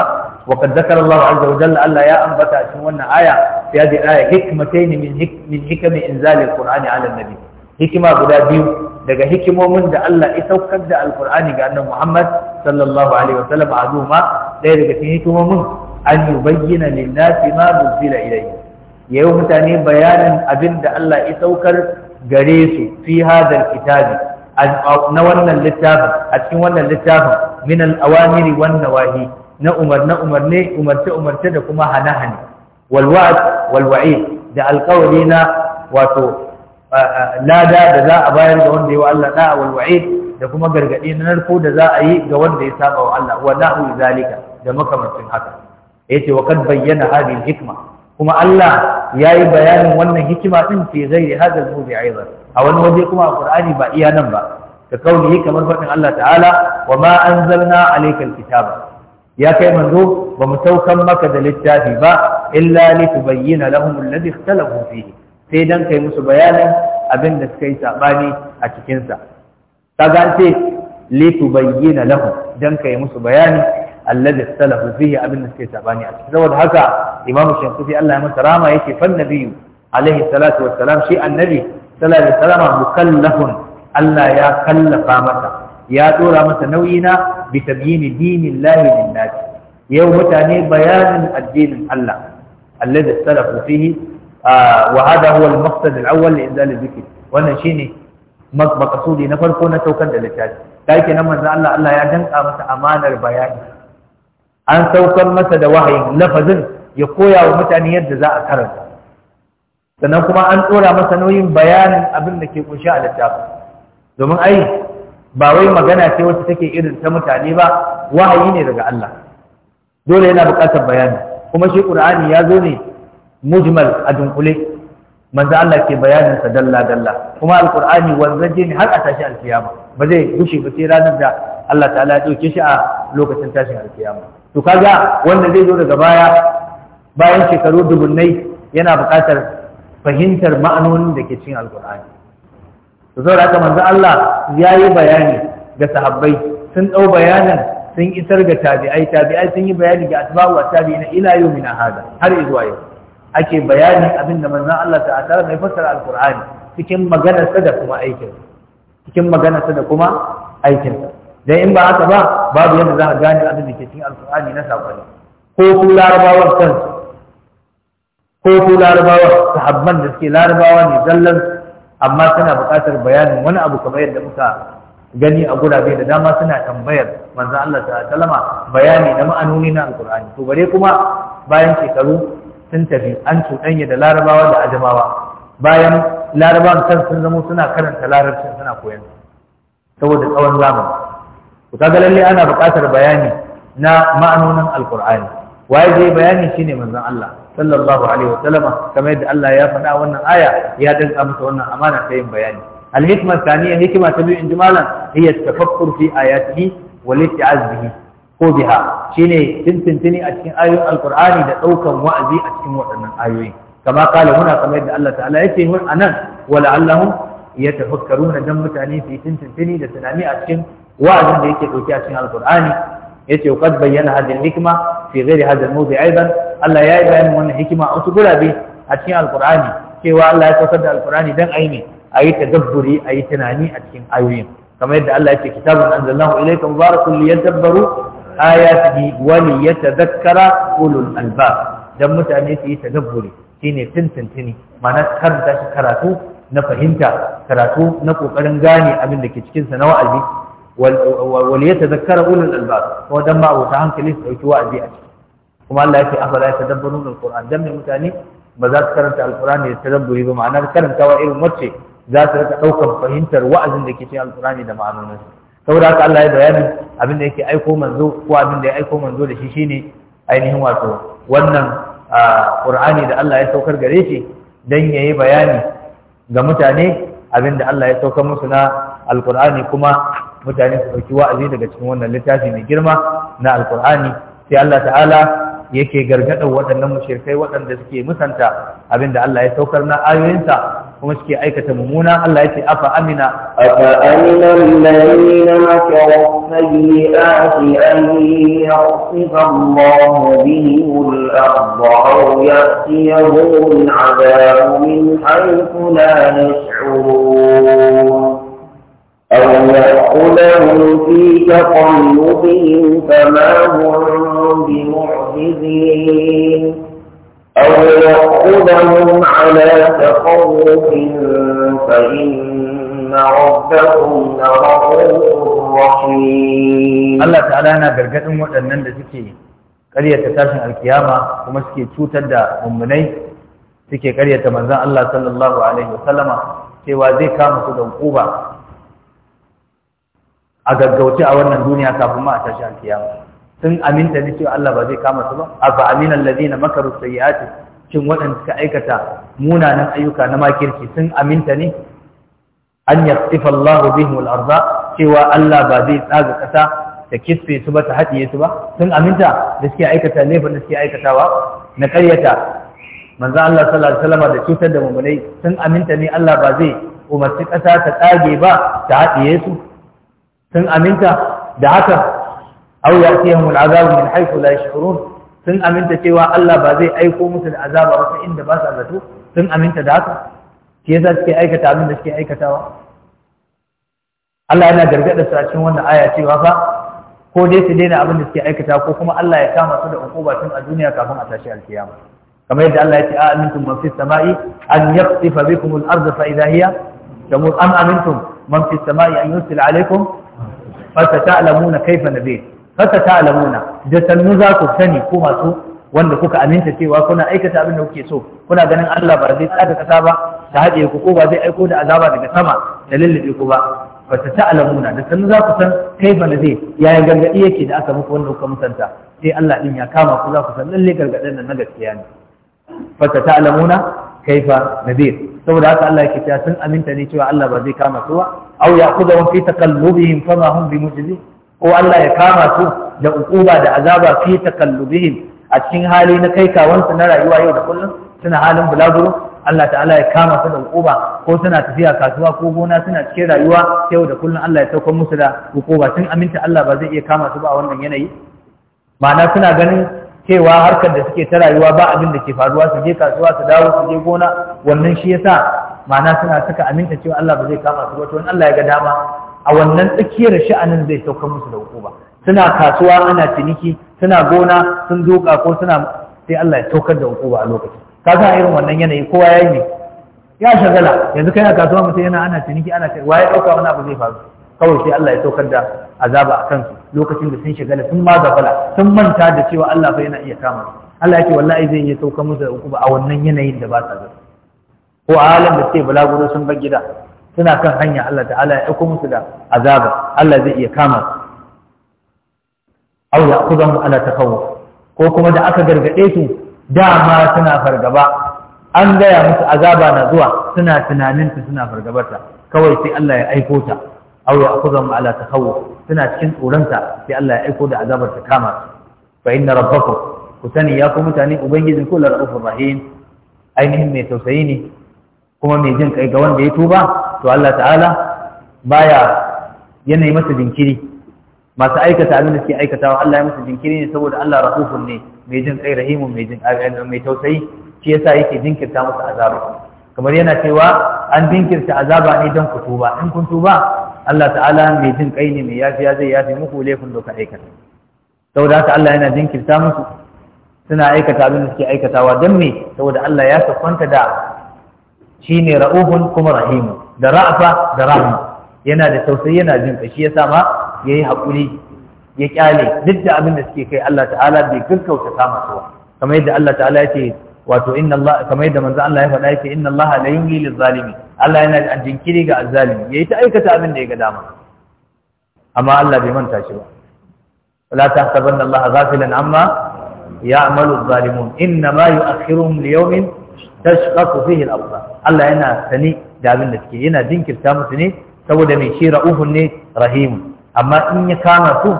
wa qad zakara Allah azza wa jalla Allah ya ambata cikin wannan aya fi hadhihi aya hikmatayn min min hikami inzal alqur'ani ala nabi hikima guda biyu daga hikimomin da Allah ya saukar da alqur'ani ga annabi Muhammad sallallahu alaihi wasallam azuma daya daga cikin hikimomin an yubayyana lin-nasi ma nuzila ilayhi yayin mutane bayanin abin da Allah ya saukar gare su fi hadal kitabi na wannan littafin a cikin wannan littafin min al wan nawahi na umar na umarne umarce umarce da kuma hana-hane wal wa'd wal wa'id da alƙawari na wato lada da za a bayar da wanda ya wa Allah da'a wal wa'id da kuma gargaɗi na narko da za a yi ga wanda ya saba wa Allah wa nahu zalika da makamancin haka yace wa kad bayyana hadhihi hikma kuma Allah yayi bayanin wannan hikima din fi ghairi hadha da mawdii aidan a wani waje kuma a Qur'ani ba iya nan ba ka kauli kamar faɗin Allah ta'ala wa ma anzalna alaykal kitaba ya kai manzo ba mu saukan maka da littafi ba illa litubayyana lahum alladhi ikhtalafu fihi sai dan kai musu bayanin abin da suka yi sabani a cikin sa kaga an ce litubayyana lahum dan kai musu bayani alladhi ikhtalafu fihi abin da suka yi sabani a cikin saboda haka imamu shafi'i Allah ya masa rama yake fan nabiyyu alaihi salatu wassalam shi annabi sallallahu alaihi wasallam mukallafun Allah ya kallafa masa ya dora masa nauyina na bi tabyini dinillahi lin yau mutane bayanin addinin Allah alladhi salafu fihi wa hada huwa al-maqsad al-awwal li inzal dhikr wannan shine makasudi na farko na saukar da littafi kai kenan manzo Allah Allah ya danka masa amanar bayani an saukar masa da wahayin lafazin ya koya wa mutane yadda za a karanta sannan kuma an tsora masa nauyin bayanin abin da ke kunshi a littafin domin ai ba wai magana ce wacce take irin ta mutane ba wahayi ne daga Allah dole yana buƙatar bayani kuma shi Qur'ani ya zo ne mujmal a dunkule manzo Allah ke bayanin sa dalla dalla kuma alqur'ani wanzaje ne har a tashi alkiyama ba zai gushe ba sai ranar da Allah ta'ala ya dauke shi a lokacin tashin alkiyama to kaga wanda zai zo daga baya bayan shekaru dubunnai yana buƙatar fahimtar ma'anonin da ke cikin alkur'ani to saboda haka manzo Allah yayi bayani ga sahabbai sun dau bayanan sun isar ga tabi'ai tabi'ai sun yi bayani ga asba'u tabi'ina ila yawmina hada har zuwa yau ake bayanin abin da manzo Allah ta'ala mai fassara alkur'ani cikin maganarsa da kuma cikin maganarsa da kuma aikinsa dan in ba haka ba babu yadda za gane abin da ke cikin alkur'ani na sakonni ko su larabawan kansu ko su larabawa sahabban da suke larabawa ne zallan amma suna buƙatar bayanin wani abu kamar yadda muka gani a gurabe da dama suna tambayar manzo Allah ta sallama bayani na ma'anoni na alqur'ani to bare kuma bayan shekaru sun tafi an cuɗanya da larabawa da ajamawa bayan larabawan kan sun zamo suna karanta larabcin suna koyan saboda tsawon zamani to kaga lalle ana buƙatar bayani na ma'anonin alqur'ani waye zai bayani shine manzon Allah sallallahu alaihi wasallama kamar yadda Allah ya faɗa wannan aya ya danka amsa wannan amana ta yin bayani الحكمة الثانية هكمة تبيع إجمالا هي التفكر في آياته والاتعاز به ko biha shine tintintini a cikin ayoyin alkur'ani da daukan wa'azi a cikin waɗannan ayoyi kama kala muna kamar yadda Allah ta'ala yake mun anan wala allahum yatafakkaruna dan mutane fi tintintini da tunani a cikin wa'azin da yake dauke a cikin alkur'ani yace qad bayyana hadhihi hikma fi ghairi hadha al-mawdi' aidan Allah ya yi bayanin wannan hikima a wasu gurabe a cikin alqur'ani cewa Allah ya saukar da alqur'ani dan ayi ne ayi tadabburi ayi tunani a cikin ayoyin kamar yadda Allah yake kitabun anzalnahu ilayka mubarakun liyadabbaru ayatihi wa liyatadhakkara ulul albab dan mutane su yi tadabburi shine tintintini ma'ana karanta shi karatu na fahimta karatu na kokarin gane abin da ke cikin sa na wa'azi wal yatadhakkara ulul albab ko dan ba wuta hankali su dauki wa'azi a kuma Allah yake afala yatadabbarun alquran dan mutane ba za su karanta alqurani da tadabburi ba ma'anar karantawa irin wacce za su rika daukar fahimtar wa'azin da ke cikin alqurani da ma'anonin saboda haka Allah ya bayani abin da yake aiko manzo ko abin da ya aiko manzo da shi shine ainihin wato wannan qur'ani da Allah ya saukar gare shi dan yayi bayani ga mutane abin da Allah ya saukar musu na alqur'ani kuma mutane su ɗauki wa'azi daga cikin wannan littafi mai girma na alkur'ani sai Allah ta'ala yake gargaɗa waɗannan mushrikai waɗanda suke musanta abin da Allah ya saukar na ayoyinsa kuma suke aikata mummuna Allah ya ce afa amina afa amina alladhina makaru sayyi'ati an yaqsifa Allahu bihim al-ardh aw ya'tiyahum al min haythu la yash'urun أو يأخذهم في تقلبهم فما هم بمعجزين أو يأخذهم على تخوف فإن Allah ta'ala yana gargaɗin waɗannan da suke ƙaryata tashin alkiyama kuma suke cutar da mummunai suke ƙaryata manzan Allah sallallahu Alaihi wasallama cewa zai kama su da ƙuba a gaggauce a wannan duniya kafin ma a tashi alkiyama sun aminta ne cewa Allah ba zai kama su ba a fa aminan ladina makaru sayyiati cin waɗanda suka aikata munanan ayyuka na makirci sun aminta ne an yaqtifa Allah bihim al-ardha cewa Allah ba zai tsaga kasa ta kisfe su ba ta haɗiye su ba sun aminta da suke aikata ne laifin da suke aikatawa na ƙaryata manzo Allah sallallahu alaihi wasallam da cutar da mummunai sun aminta ne Allah ba zai umarci kasa ta tsage ba ta haɗiye su sun aminta da haka aw ya'tihum al'azab min haythu la yash'urun sun aminta cewa Allah ba zai aiko musu da azaba ba inda ba sa zato sun aminta da haka shi yasa suke aikata abin da suke aikatawa Allah yana gargada su a cikin wannan aya cewa fa ko dai su daina abin da suke aikata ko kuma Allah ya kama su da hukuma tun a duniya kafin a tashi alkiyama kamar yadda Allah ya ce a amintum man fis sama'i an yaqtifa bikum al-ardha fa idha hiya tamur am amintum man fis sama'i an yusila alaykum fasa ta'lamuna kaifa da sannu za ku sani ko masu wanda kuka aminta cewa kuna aikata abin da kuke so kuna ganin Allah ba zai tsada kasa ba ta haɗe ku ko ba zai aiko da azaba daga sama da lullube ku ba fasa ta'lamuna da sannu za ku san kaifa zai yaya gargadi yake da aka muku wanda kuka musanta sai Allah din ya kama ku za ku san lalle gargadin nan na gaskiya ne fasa ta'lamuna kaifa nadir saboda haka Allah yake cewa sun aminta ne cewa Allah ba zai kama su ba aw ya'khudhum fi taqallubihim fama hum bimujizin ko Allah ya kama su da ukuba da azaba fi taqallubihim a cikin hali na kai kawansu na rayuwa yau da kullum suna halin bulaguro Allah ta'ala ya kama su da ukuba ko suna tafiya kasuwa ko gona suna cikin rayuwa yau da kullum Allah ya saukar musu da ukuba sun aminta Allah ba zai iya kama su ba a wannan yanayi ma'ana suna ganin cewa harkar da suke ta rayuwa ba abin da ke faruwa su je kasuwa su dawo su je gona wannan shi yasa ma'ana suna saka aminta cewa Allah ba zai kama su ba to in Allah ya ga dama a wannan tsakiyar sha'anin zai saukar musu da hukuma suna kasuwa ana ciniki suna gona sun doka ko suna sai Allah ya saukar da hukuma a lokacin ka san irin wannan yanayi kowa ya yi ne ya shagala yanzu kai a kasuwa mutum yana ana ciniki ana kai waye dauka wani abu zai faru kawai sai Allah ya saukar da azaba a kansu lokacin da sun shiga shagala sun ma gafala sun manta da cewa Allah fa yana iya kama su Allah yake wallahi zai iya sauka musu da hukuma a wannan yanayin da ba sa zato ko a halin da suke balaguro sun bar gida suna kan hanya Allah ta'ala ya ɗauko musu da azaba Allah zai iya kama su aw ya'khudhum ala takawuf ko kuma da aka gargade su dama suna fargaba an gaya musu azaba na zuwa suna tunaninta suna fargabarta kawai sai Allah ya aiko ta aw ya'khudhum ala takhawuf suna cikin tsoronta sai Allah ya aiko da azabar ta kama su fa inna rabbakum ku sani ya ku mutane ubangijin ku la rahmanur rahim ainihin mai tausayi ne kuma mai jin kai ga wanda ya tuba to Allah ta'ala baya yanayi masa jinkiri masu aikata abin da suke aikatawa Allah ya musu jinkiri ne saboda Allah rahufun ne mai jin kai rahimun mai jin mai tausayi shi yasa yake jinkirta musu azaba kamar yana cewa an jinkirta azaba ne don ku tuba in kun tuba Allah ta'ala mai jin kai ne mai yafiya zai yafi muku laifin da ka aikata saboda haka Allah yana jinkirta musu suna aikata abin da suke aikatawa don me saboda Allah ya sakwanta da shine ra'uhun kuma rahimu da ra'afa da rahma yana da tausayi yana jin kai shi yasa ma yayi hakuri ya kyale duk da abin da suke kai Allah ta'ala bai gaggauta kama su kamar yadda Allah ta'ala ya ce wato inna Allah kamar yadda manzo Allah ya faɗa yake inna Allah la yumli lil zalimi Allah yana da jinkiri ga azzalimi yayi ta aikata abin da ya ga dama amma Allah bai manta shi ba la tahsabanna Allah ghafilan amma ya'malu adh-dhalimun inna ma yu'akhiruhum li yawmin tashqaqu fihi al-absar Allah yana sani da abin da suke yana jinkirta musu ne saboda mai shi ra'uhun ne rahim amma in ya kama su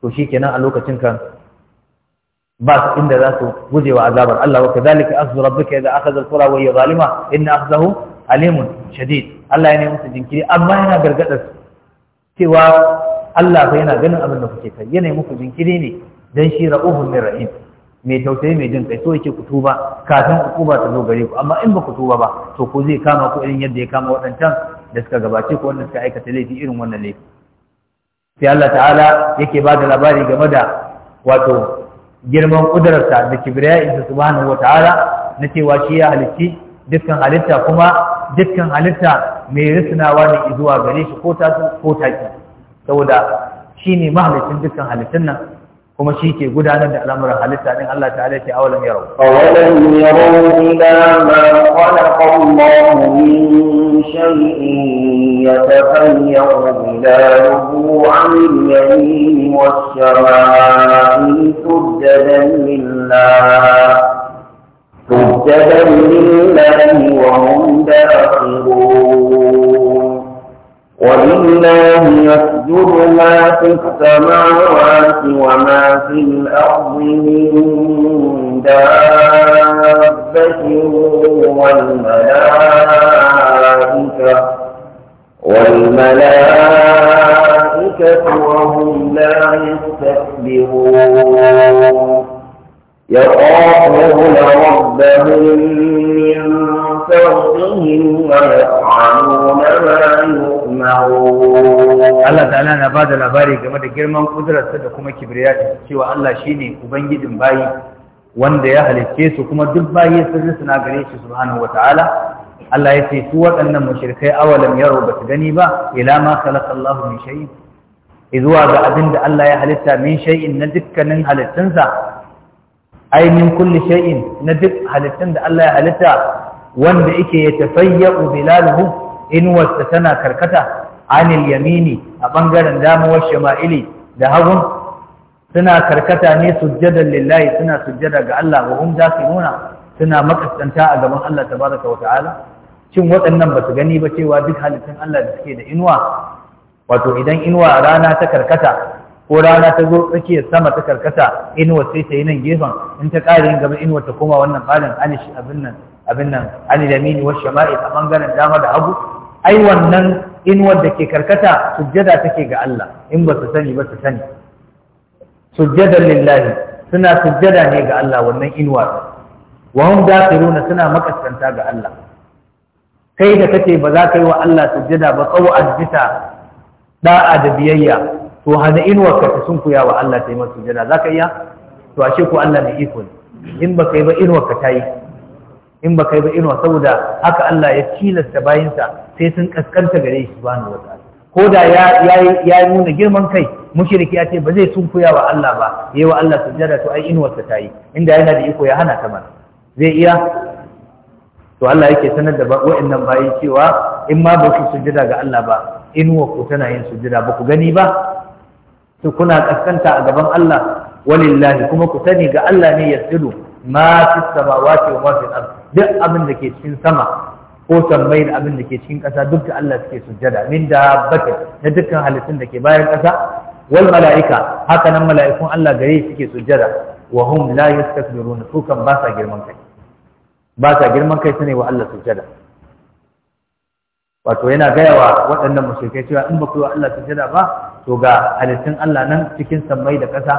to shikenan a lokacin kan bas inda za su guje wa azabar Allah wa kadhalika akhzu rabbika idza akhadha al-qura wa hiya zalima inna akhzahu alimun shadid Allah ya ne musu jinkiri amma yana gargadar cewa Allah fa yana ganin abin da kuke kai yana muku jinkiri ne dan shi ra'uhun min rahim mai tausayi mai jin kai so yake ku tuba kafin hukuma ta zo gare ku amma in ba ku tuba ba to ko zai kama ku irin yadda ya kama waɗancan da suka gabace ku wanda suka aikata laifi irin wannan laifi sai Allah ta'ala yake ba da labari game da wato girman kudararsa da isa subhanahu wata'ala na cewa shi ya halitti dukkan halitta kuma dukkan halitta mai risnawa ne zuwa gare shi ko ta ko ta ki saboda shi ne mahalicin dukkan halittun nan kuma shi ke gudanar da al'amuran halitta din Allah ta'ala ce awalam yarau awalam yarau ila ma khalaqa Allahu min shay'in yatafayyaru bilaluhu 'anil yamin wash-shama'il sujjadan lillah sujjadan lillahi wa hum dakhirun ولله يسجد ما في السماوات وما في الأرض من دابة والملائكة والملائكة وهم لا يستكبرون يطافون ربهم من سوطهم ويفعلون ما يؤمرون الله تعالى na bada labari game da girman kudurarsa da kuma kibriya cewa Allah shi shine ubangijin bayi wanda ya halicce su kuma duk bayi sun suna gare shi subhanahu ta'ala. Allah ya ce su waɗannan mushrikai awalam yaro ba su gani ba ila ma khalaqa Allahu min shay'in izuwa ga abin da Allah ya halitta min shay'in na dukkanin halittunsa ai min kulli shay'in na duk halittun da Allah ya halitta wanda yake ya hu, bilaluhu inwarsa tana karkata anil yamini a bangaren dama wa shama'ili da hagun suna karkata ne sujjadan lillahi suna sujjada ga Allah wa hum nuna suna makasanta a gaban Allah tabaraka wa cin waɗannan ba su gani ba cewa duk halittun Allah da suke da inuwa wato idan inuwa rana ta karkata ko rana ta zo tsakiyar sama ta karkata inuwa sai ta yi nan gefen in ta ƙara yin gaba inuwa ta koma wannan ɓarin anish abin nan abin nan an yamini wa shama'il a bangaren dama da hagu ai wannan inuwar da ke karkata sujjada take ga Allah in ba su sani ba su sani sujjadan lillahi suna sujjada ne ga Allah wannan inuwa wa hum dafiruna suna makaskanta ga Allah kai da kace ba za ka yi wa Allah sujjada ba tsawon bisa da'a da biyayya to hana inuwar ka ta sunkuya wa Allah ta yi masa sujjada za ka iya to ashe ko Allah mai iko in ba kai ba inuwar ka ta yi in ba kai ba inuwa saboda haka Allah ya tilasta bayansa sai sun kaskanta gare shi subhanahu wataala ko da ya yi nuna girman kai mushriki ya ce ba zai sunkuya wa Allah ba yayi wa Allah sujada to ai inuwarsa ta yi inda yana da iko ya hana ta mana zai iya to Allah yake sanar da wa'annan bayi cewa in ma ba ku sujada ga Allah ba inuwa ku tana yin sujada ba ku gani ba to kuna kaskanta a gaban Allah walillahi kuma ku sani ga Allah ne yasjudu ma fis samawati wa ma fil ardh duk abin da ke cikin sama ko sammai da abin da ke cikin ƙasa duk da Allah suke sujjada min da bakin na dukkan halittun da ke bayan ƙasa wal mala'ika haka nan mala'ikun Allah gare suke sujjada wa hum la yastakbiruna su kan ba sa girman kai ba sa girman kai sune wa Allah sujjada wato yana gaya wa waɗannan mushrikai cewa in ba ku wa Allah sujjada ba to ga halittun Allah nan cikin sammai da ƙasa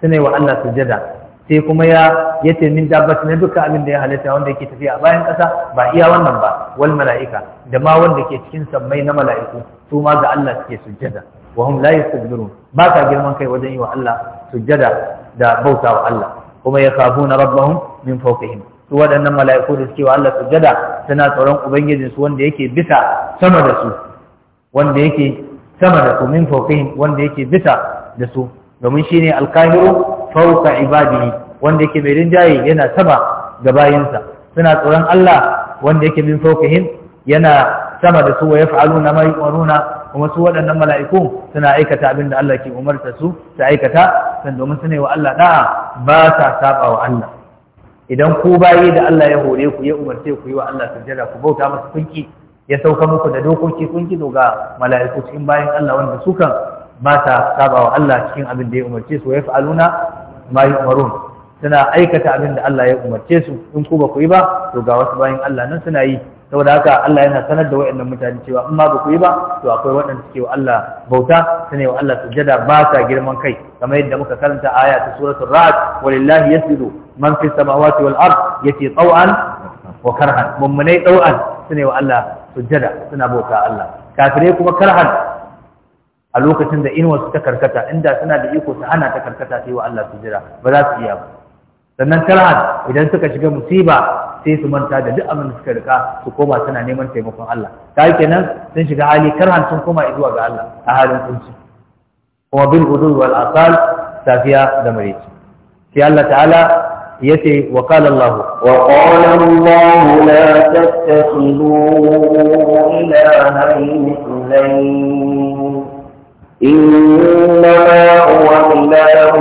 sune wa Allah sujjada sai kuma ya yace min dabbati na duka abin da ya halitta wanda yake tafiya a bayan ƙasa ba iya wannan ba wal mala'ika da ma wanda ke cikin sammai na mala'iku su ma ga Allah suke sujjada wa hum la yastakbirun ba ka girman kai wajen yi wa Allah sujjada da bauta wa Allah kuma ya khafuna rabbahum min fawqihim su waɗannan mala'iku da suke wa Allah sujjada suna tsoron ubangijin su wanda yake bisa sama da su wanda yake sama da su min fawqihim wanda yake bisa da su domin shine alkahiru Fauka ibadihi wanda yake mai rinjaye yana sama ga bayinsa suna tsoron Allah wanda yake min fawqihim yana sama da su wa yaf'aluna ma yu'maruna kuma su waɗannan mala'iku suna aikata abin da Allah ke umarta su su aikata san domin su ne wa Allah da'a ba sa saba wa Allah idan ku bayi da Allah ya hore ku ya umarce ku yi wa Allah sujjada ku bauta masa kunki ya sauka muku da dokoki kunki ga mala'iku cikin bayin Allah wanda su kan ba sa saba wa Allah cikin abin da ya umarce su wa yaf'aluna ma yu'marun suna aikata abin da Allah ya umarce su in ku ba ku yi ba to ga wasu bayan Allah nan suna yi saboda haka Allah yana sanar da waɗannan mutane cewa in ma ba ku yi ba to akwai waɗanda suke wa Allah bauta sune wa Allah sujada ba sa girman kai kamar yadda muka karanta aya ta suratul ra'd walillahi yasjudu man fis samawati wal ard yati taw'an wa karhan mummunai taw'an sune wa Allah sujada suna bauta Allah kafirai kuma karhan a lokacin da inuwarsu ta karkata inda suna da iko su hana ta karkata sai wa Allah su jira ba za su iya ba sannan tarhan idan suka shiga musiba sai su manta da duk abin da suka rika su koma suna neman taimakon Allah ta yi kenan sun shiga hali karhan sun koma zuwa ga Allah a halin kunci kuma bil gudu wal asal safiya da mareci sai Allah ta'ala yace wa qala Allah wa qala Allah la tattakhidu ilahan ithnayn إنما هو إله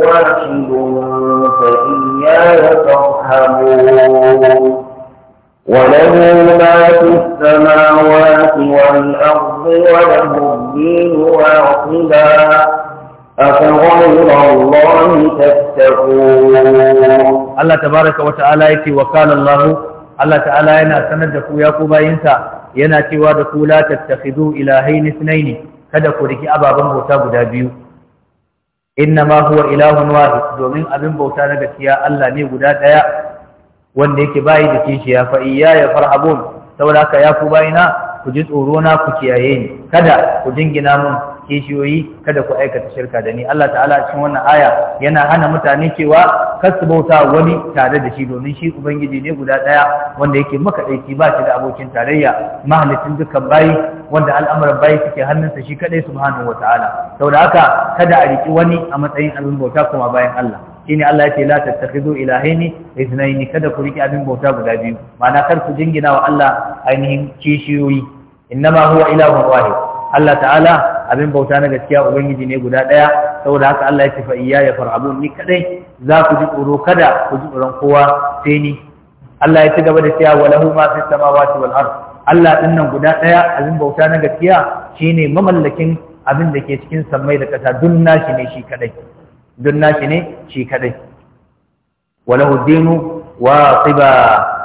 واحد فإياي فارهبون وله ما في السماوات والأرض وله الدين واصلا أفغير الله تتقون الله تبارك وتعالى يتي وقال الله الله تعالى ينا سندك يا كوبا ينسى ينا تيوا لا تتخذوا إلهين اثنين kada ku riki ababen bauta guda biyu inna ma huwa ilahun wahid domin abin bauta na gaskiya Allah ne guda daya wanda yake bayi da kishi ya fa ya farhabun saboda haka ya ku bayina ku ji tsoro na ku kiyaye ni kada ku jingina mun kishiyoyi kada ku aikata shirka da ni Allah ta'ala cikin wannan aya yana hana mutane cewa kar su bauta wani tare da shi domin shi ubangiji ne guda daya wanda yake maka aiki ba shi da abokin tarayya mahalicin dukkan bayi wanda al'amuran bayi suke hannunsa shi kadai subhanahu wataala saboda haka kada a riki wani a matsayin abin bauta kuma bayan Allah shine Allah yake la tattakhidu ilahaini ithnaini kada ku riki abin bauta guda biyu ma'ana kar ku jingina wa Allah ainihin kishiyoyi innama huwa ilahun wahid Allah ta'ala abin bauta na gaskiya ubangiji ne guda daya saboda haka Allah ya ce fa iyaya far'abun ni kadai za ku ji tsoro kada ku ji tsoron kowa sai ni Allah ya ci gaba da cewa walahu ma fi samawati wal ard Allah din nan guda daya abin bauta na gaskiya shine mamallakin abin da ke cikin sammai da kasa dun nashi ne shi kadai dun nashi ne shi kadai walahu dinu wasiba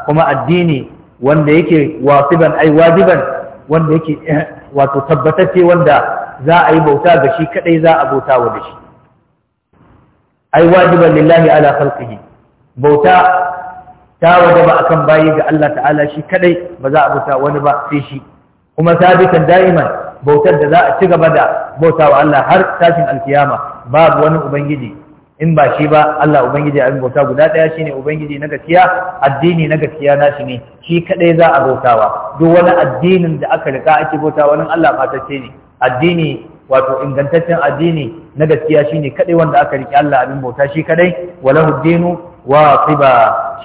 kuma addini wanda yake wasiban ai wajiban wanda yake wato tabbatacce wanda za a yi bauta ga shi kadai za a bauta wa da shi ai wajiban lillahi ala khalqihi bauta ta wajaba akan bayi ga Allah ta'ala shi kadai ba za a bauta wani ba sai shi kuma sabitan da'iman bautar da za a ci gaba da bauta wa Allah har tashin alkiyama babu wani ubangiji in ba shi ba Allah ubangiji abin bauta guda ɗaya shine ubangiji na gaskiya addini na gaskiya nashi ne shi kadai za a bautawa duk wani addinin da aka rika ake bautawa wani Allah fatacce ne addini wato ingantaccen addini na gaskiya ne kadai wanda aka rike Allah abin bauta shi kadai walahu dinu wa qiba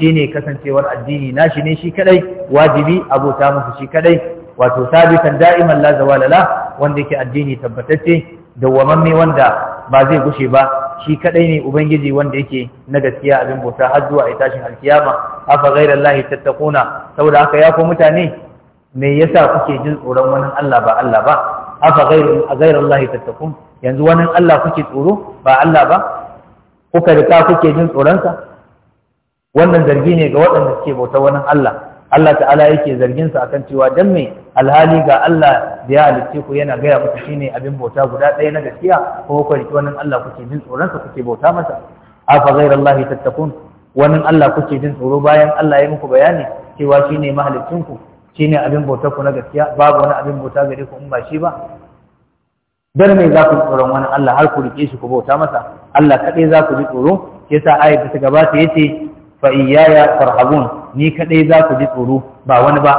shine kasancewar addini nashi ne shi kadai wajibi abota musu shi kadai wato sabitan da'iman la zawala wanda yake addini tabbatacce dawwamamme wanda ba zai gushe ba shi kadai ne ubangiji wanda yake na gaskiya abin bauta har zuwa ya tashin alkiyama afa ghairallahi tattaquna saboda haka ya ko mutane me yasa kuke jin tsoron wani Allah ba Allah ba afa ghairallahi tattaqun yanzu wani Allah kuke tsoro ba Allah ba kuka rika kuke jin tsoron sa wannan zargi ne ga waɗanda suke bauta wani Allah Allah ta'ala yake zargin sa akan cewa dan me alhali ga Allah da ya halicce ku yana gaya muku shine abin bauta guda ɗaya na gaskiya ko ku riki wannan Allah kuke jin tsoron sa kuke bauta masa afa ghairallahi tattakun wannan Allah kuke jin tsoro bayan Allah ya muku bayani cewa shine mahaliccin ku shine abin bauta ku na gaskiya babu wani abin bauta gare ku in ba shi ba dan me za ku tsoron wani Allah har ku rike shi ku bauta masa Allah kaɗai za ku ji tsoro yasa ayat ta gabata yace fa iyaya farhabun ni kaɗai za ku ji tsoro ba wani ba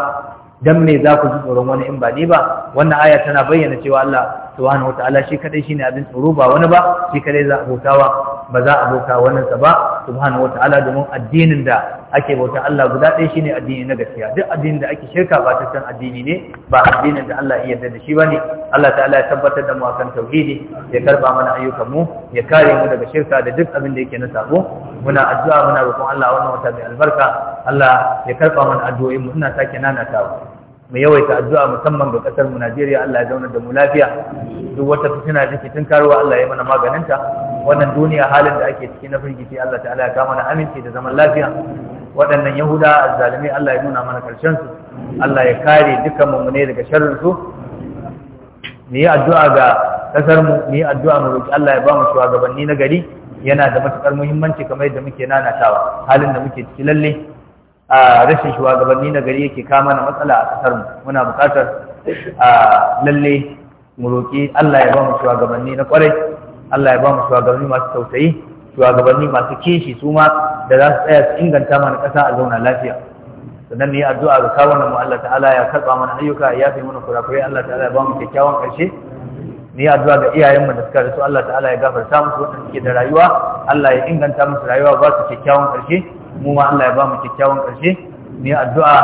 dan me za ku ji tsoron wani in ba ni ba wannan aya tana bayyana cewa Allah subhanahu wataala shi kadai shine abin tsoro ba wani ba shi kadai za a bautawa ba za a bauta wannan sa ba subhanahu wataala domin addinin da ake bauta Allah guda ɗaya shine addini na gaskiya duk addinin da ake shirka ba tattan addini ne ba addinin da Allah ya yarda da shi bane Allah ta'ala ya tabbatar da mu akan tauhidi ya karba mana ayyukan mu ya kare mu daga shirka da duk abin da yake na sabo muna addu'a muna roƙon Allah wannan wata mai albarka Allah ya karba mana addu'o'in mu ina sake nanatawa mai yawaita addu'a musamman ga kasar mu Najeriya Allah ya zauna da mu lafiya duk wata fitina da ke tunkarwa Allah ya mana maganinta wannan duniya halin da ake ciki na firgiti Allah ta'ala ya kama na aminci da zaman lafiya waɗannan Yahuda azzalimai Allah ya nuna mana ƙarshen su Allah ya kare dukkan mummune daga sharrin su mu yi addu'a ga kasar mu mu yi addu'a mu roki Allah ya ba mu shugabanni na gari yana da matukar muhimmanci kamar yadda muke nanatawa halin da muke ciki lalle a rashin shugabanni na gari yake kama na matsala a kasar mu muna bukatar a lalle mu roki Allah ya ba mu shugabanni na ƙwarai, Allah ya ba mu shugabanni masu tausayi shugabanni masu kishi su ma da za su tsaya su inganta mana kasa a zauna lafiya sannan ne addu'a ga kawunan mu Allah ta'ala ya karba mana ayyuka ya fi mana kurakurai Allah ta'ala ya ba mu kyakkyawan karshe Ni addu'a ga iyayenmu da suka rasu Allah ta'ala ya gafarta musu waɗanda suke da rayuwa Allah ya inganta musu rayuwa ba su kyakkyawan ƙarshe mu ma Allah ya ba mu kyakkyawan ƙarshe mu yi addu'a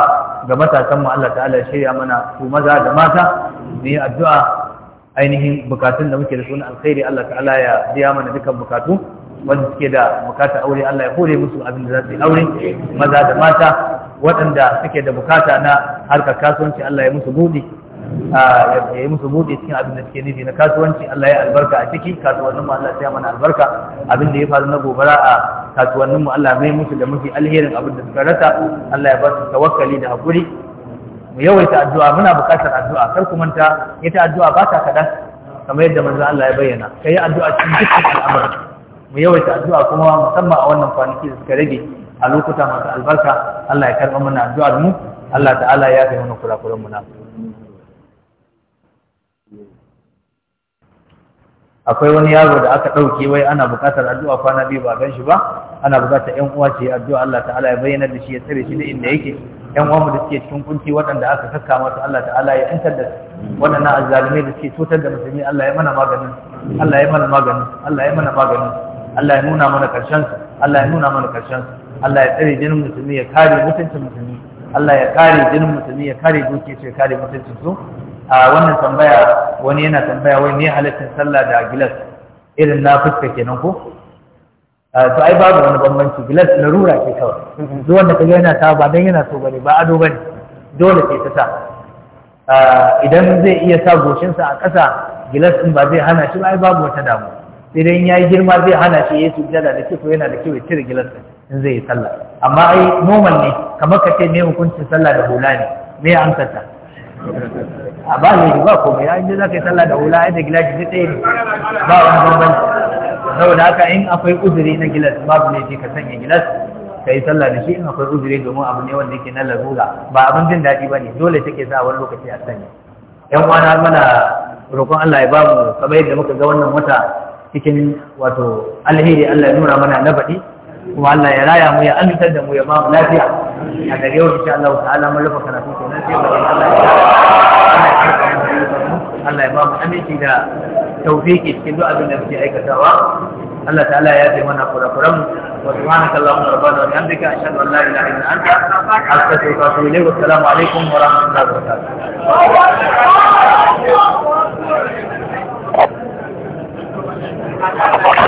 ga matasan Allah ta'ala ya shirya mana su maza da mata mu yi addu'a ainihin bukatun da muke da sunan alkhairi Allah ta'ala ya biya mana dukan bukatu wanda suke da bukata aure Allah ya kore musu abin da za su yi aure maza da mata waɗanda suke da bukata na harkar kasuwanci Allah ya musu buɗi ya yi musu buɗe cikin abin da suke nufi na kasuwanci Allah ya albarka a ciki kasuwanninmu Allah ya mana albarka abin da ya faru na gobara a kasuwanninmu Allah mai musu da mafi alherin abin da suka rasa Allah ya ba su tawakkali da haƙuri mu yawaita addu'a muna buƙatar addu'a kar ku manta ita addu'a ba ta kaɗan kamar yadda manzon Allah ya bayyana Ka yi addu'a cikin dukkan al'amura mu yawaita addu'a kuma musamman a wannan kwanaki da suka rage a lokuta masu albarka Allah ya karɓa mana addu'ar mu Allah ta'ala ya kai mana kurakuran mu na akwai wani yaro da aka ɗauke wai ana buƙatar addu'a kwana biyu ba gan shi ba ana buƙatar 'yan uwa ce addu'a Allah ta'ala ya bayyana da shi ya tsare shi da inda yake ƴan uwa mu da suke cikin kunci waɗanda aka kakka masu Allah ta'ala ya yantar da waɗannan azzalumai da suke cutar da musulmi Allah ya mana maganin Allah ya mana maganin Allah ya mana maganin Allah ya nuna mana ƙarshen Allah ya nuna mana ƙarshen Allah ya tsare jinin musulmi ya kare mutuncin musulmi Allah ya kare jinin musulmi ya kare duki ya kare mutuncin su a wannan tambaya wani yana tambaya wai ne halittar sallah da gilas irin na fuska kenan ko to ai babu wani bambanci gilas na rura ke kawai duk wanda kaga yana ta ba dan yana so bane ba ado bane dole ke ta sa idan zai iya sa goshin sa a ƙasa gilas din ba zai hana shi ba ai babu wata damu idan yayi girma zai hana shi yayi sujjada da kiko yana da kyau ya cire gilas din in zai yi sallah amma ai noman ne kamar ka ce me hukuncin sallah da hula ne me ya a ba ne ba ko ya inda za ka yi sallah da hula ai da gilashi duk ne ba wani bambanci saboda haka in akwai uzuri na gilas babu ne ka sanya gilas ka yi sallah da shi in akwai uzuri domin abu ne wanda yake na larura ba abin jin daɗi ba ne dole take sa wani lokaci a sanya yan uwana mana roƙon Allah ya bamu kamar yadda muka ga wannan wata cikin wato alheri Allah ya nuna mana na baɗi kuma Allah ya raya mu ya amintar da mu ya ba mu lafiya a gare yau insha Allah ta'ala mun rufe karatu kenan sai mu Allah ya Allah ya ba mu aminci da tawfiki cikin duk abin da muke aikatawa Allah ta'ala ya yi mana kurakuran wa subhanaka allahumma rabbana wa bihamdika ashhadu an la ilaha illa anta astaghfiruka wa atubu ilayk wa assalamu alaikum wa rahmatullahi wa barakatuh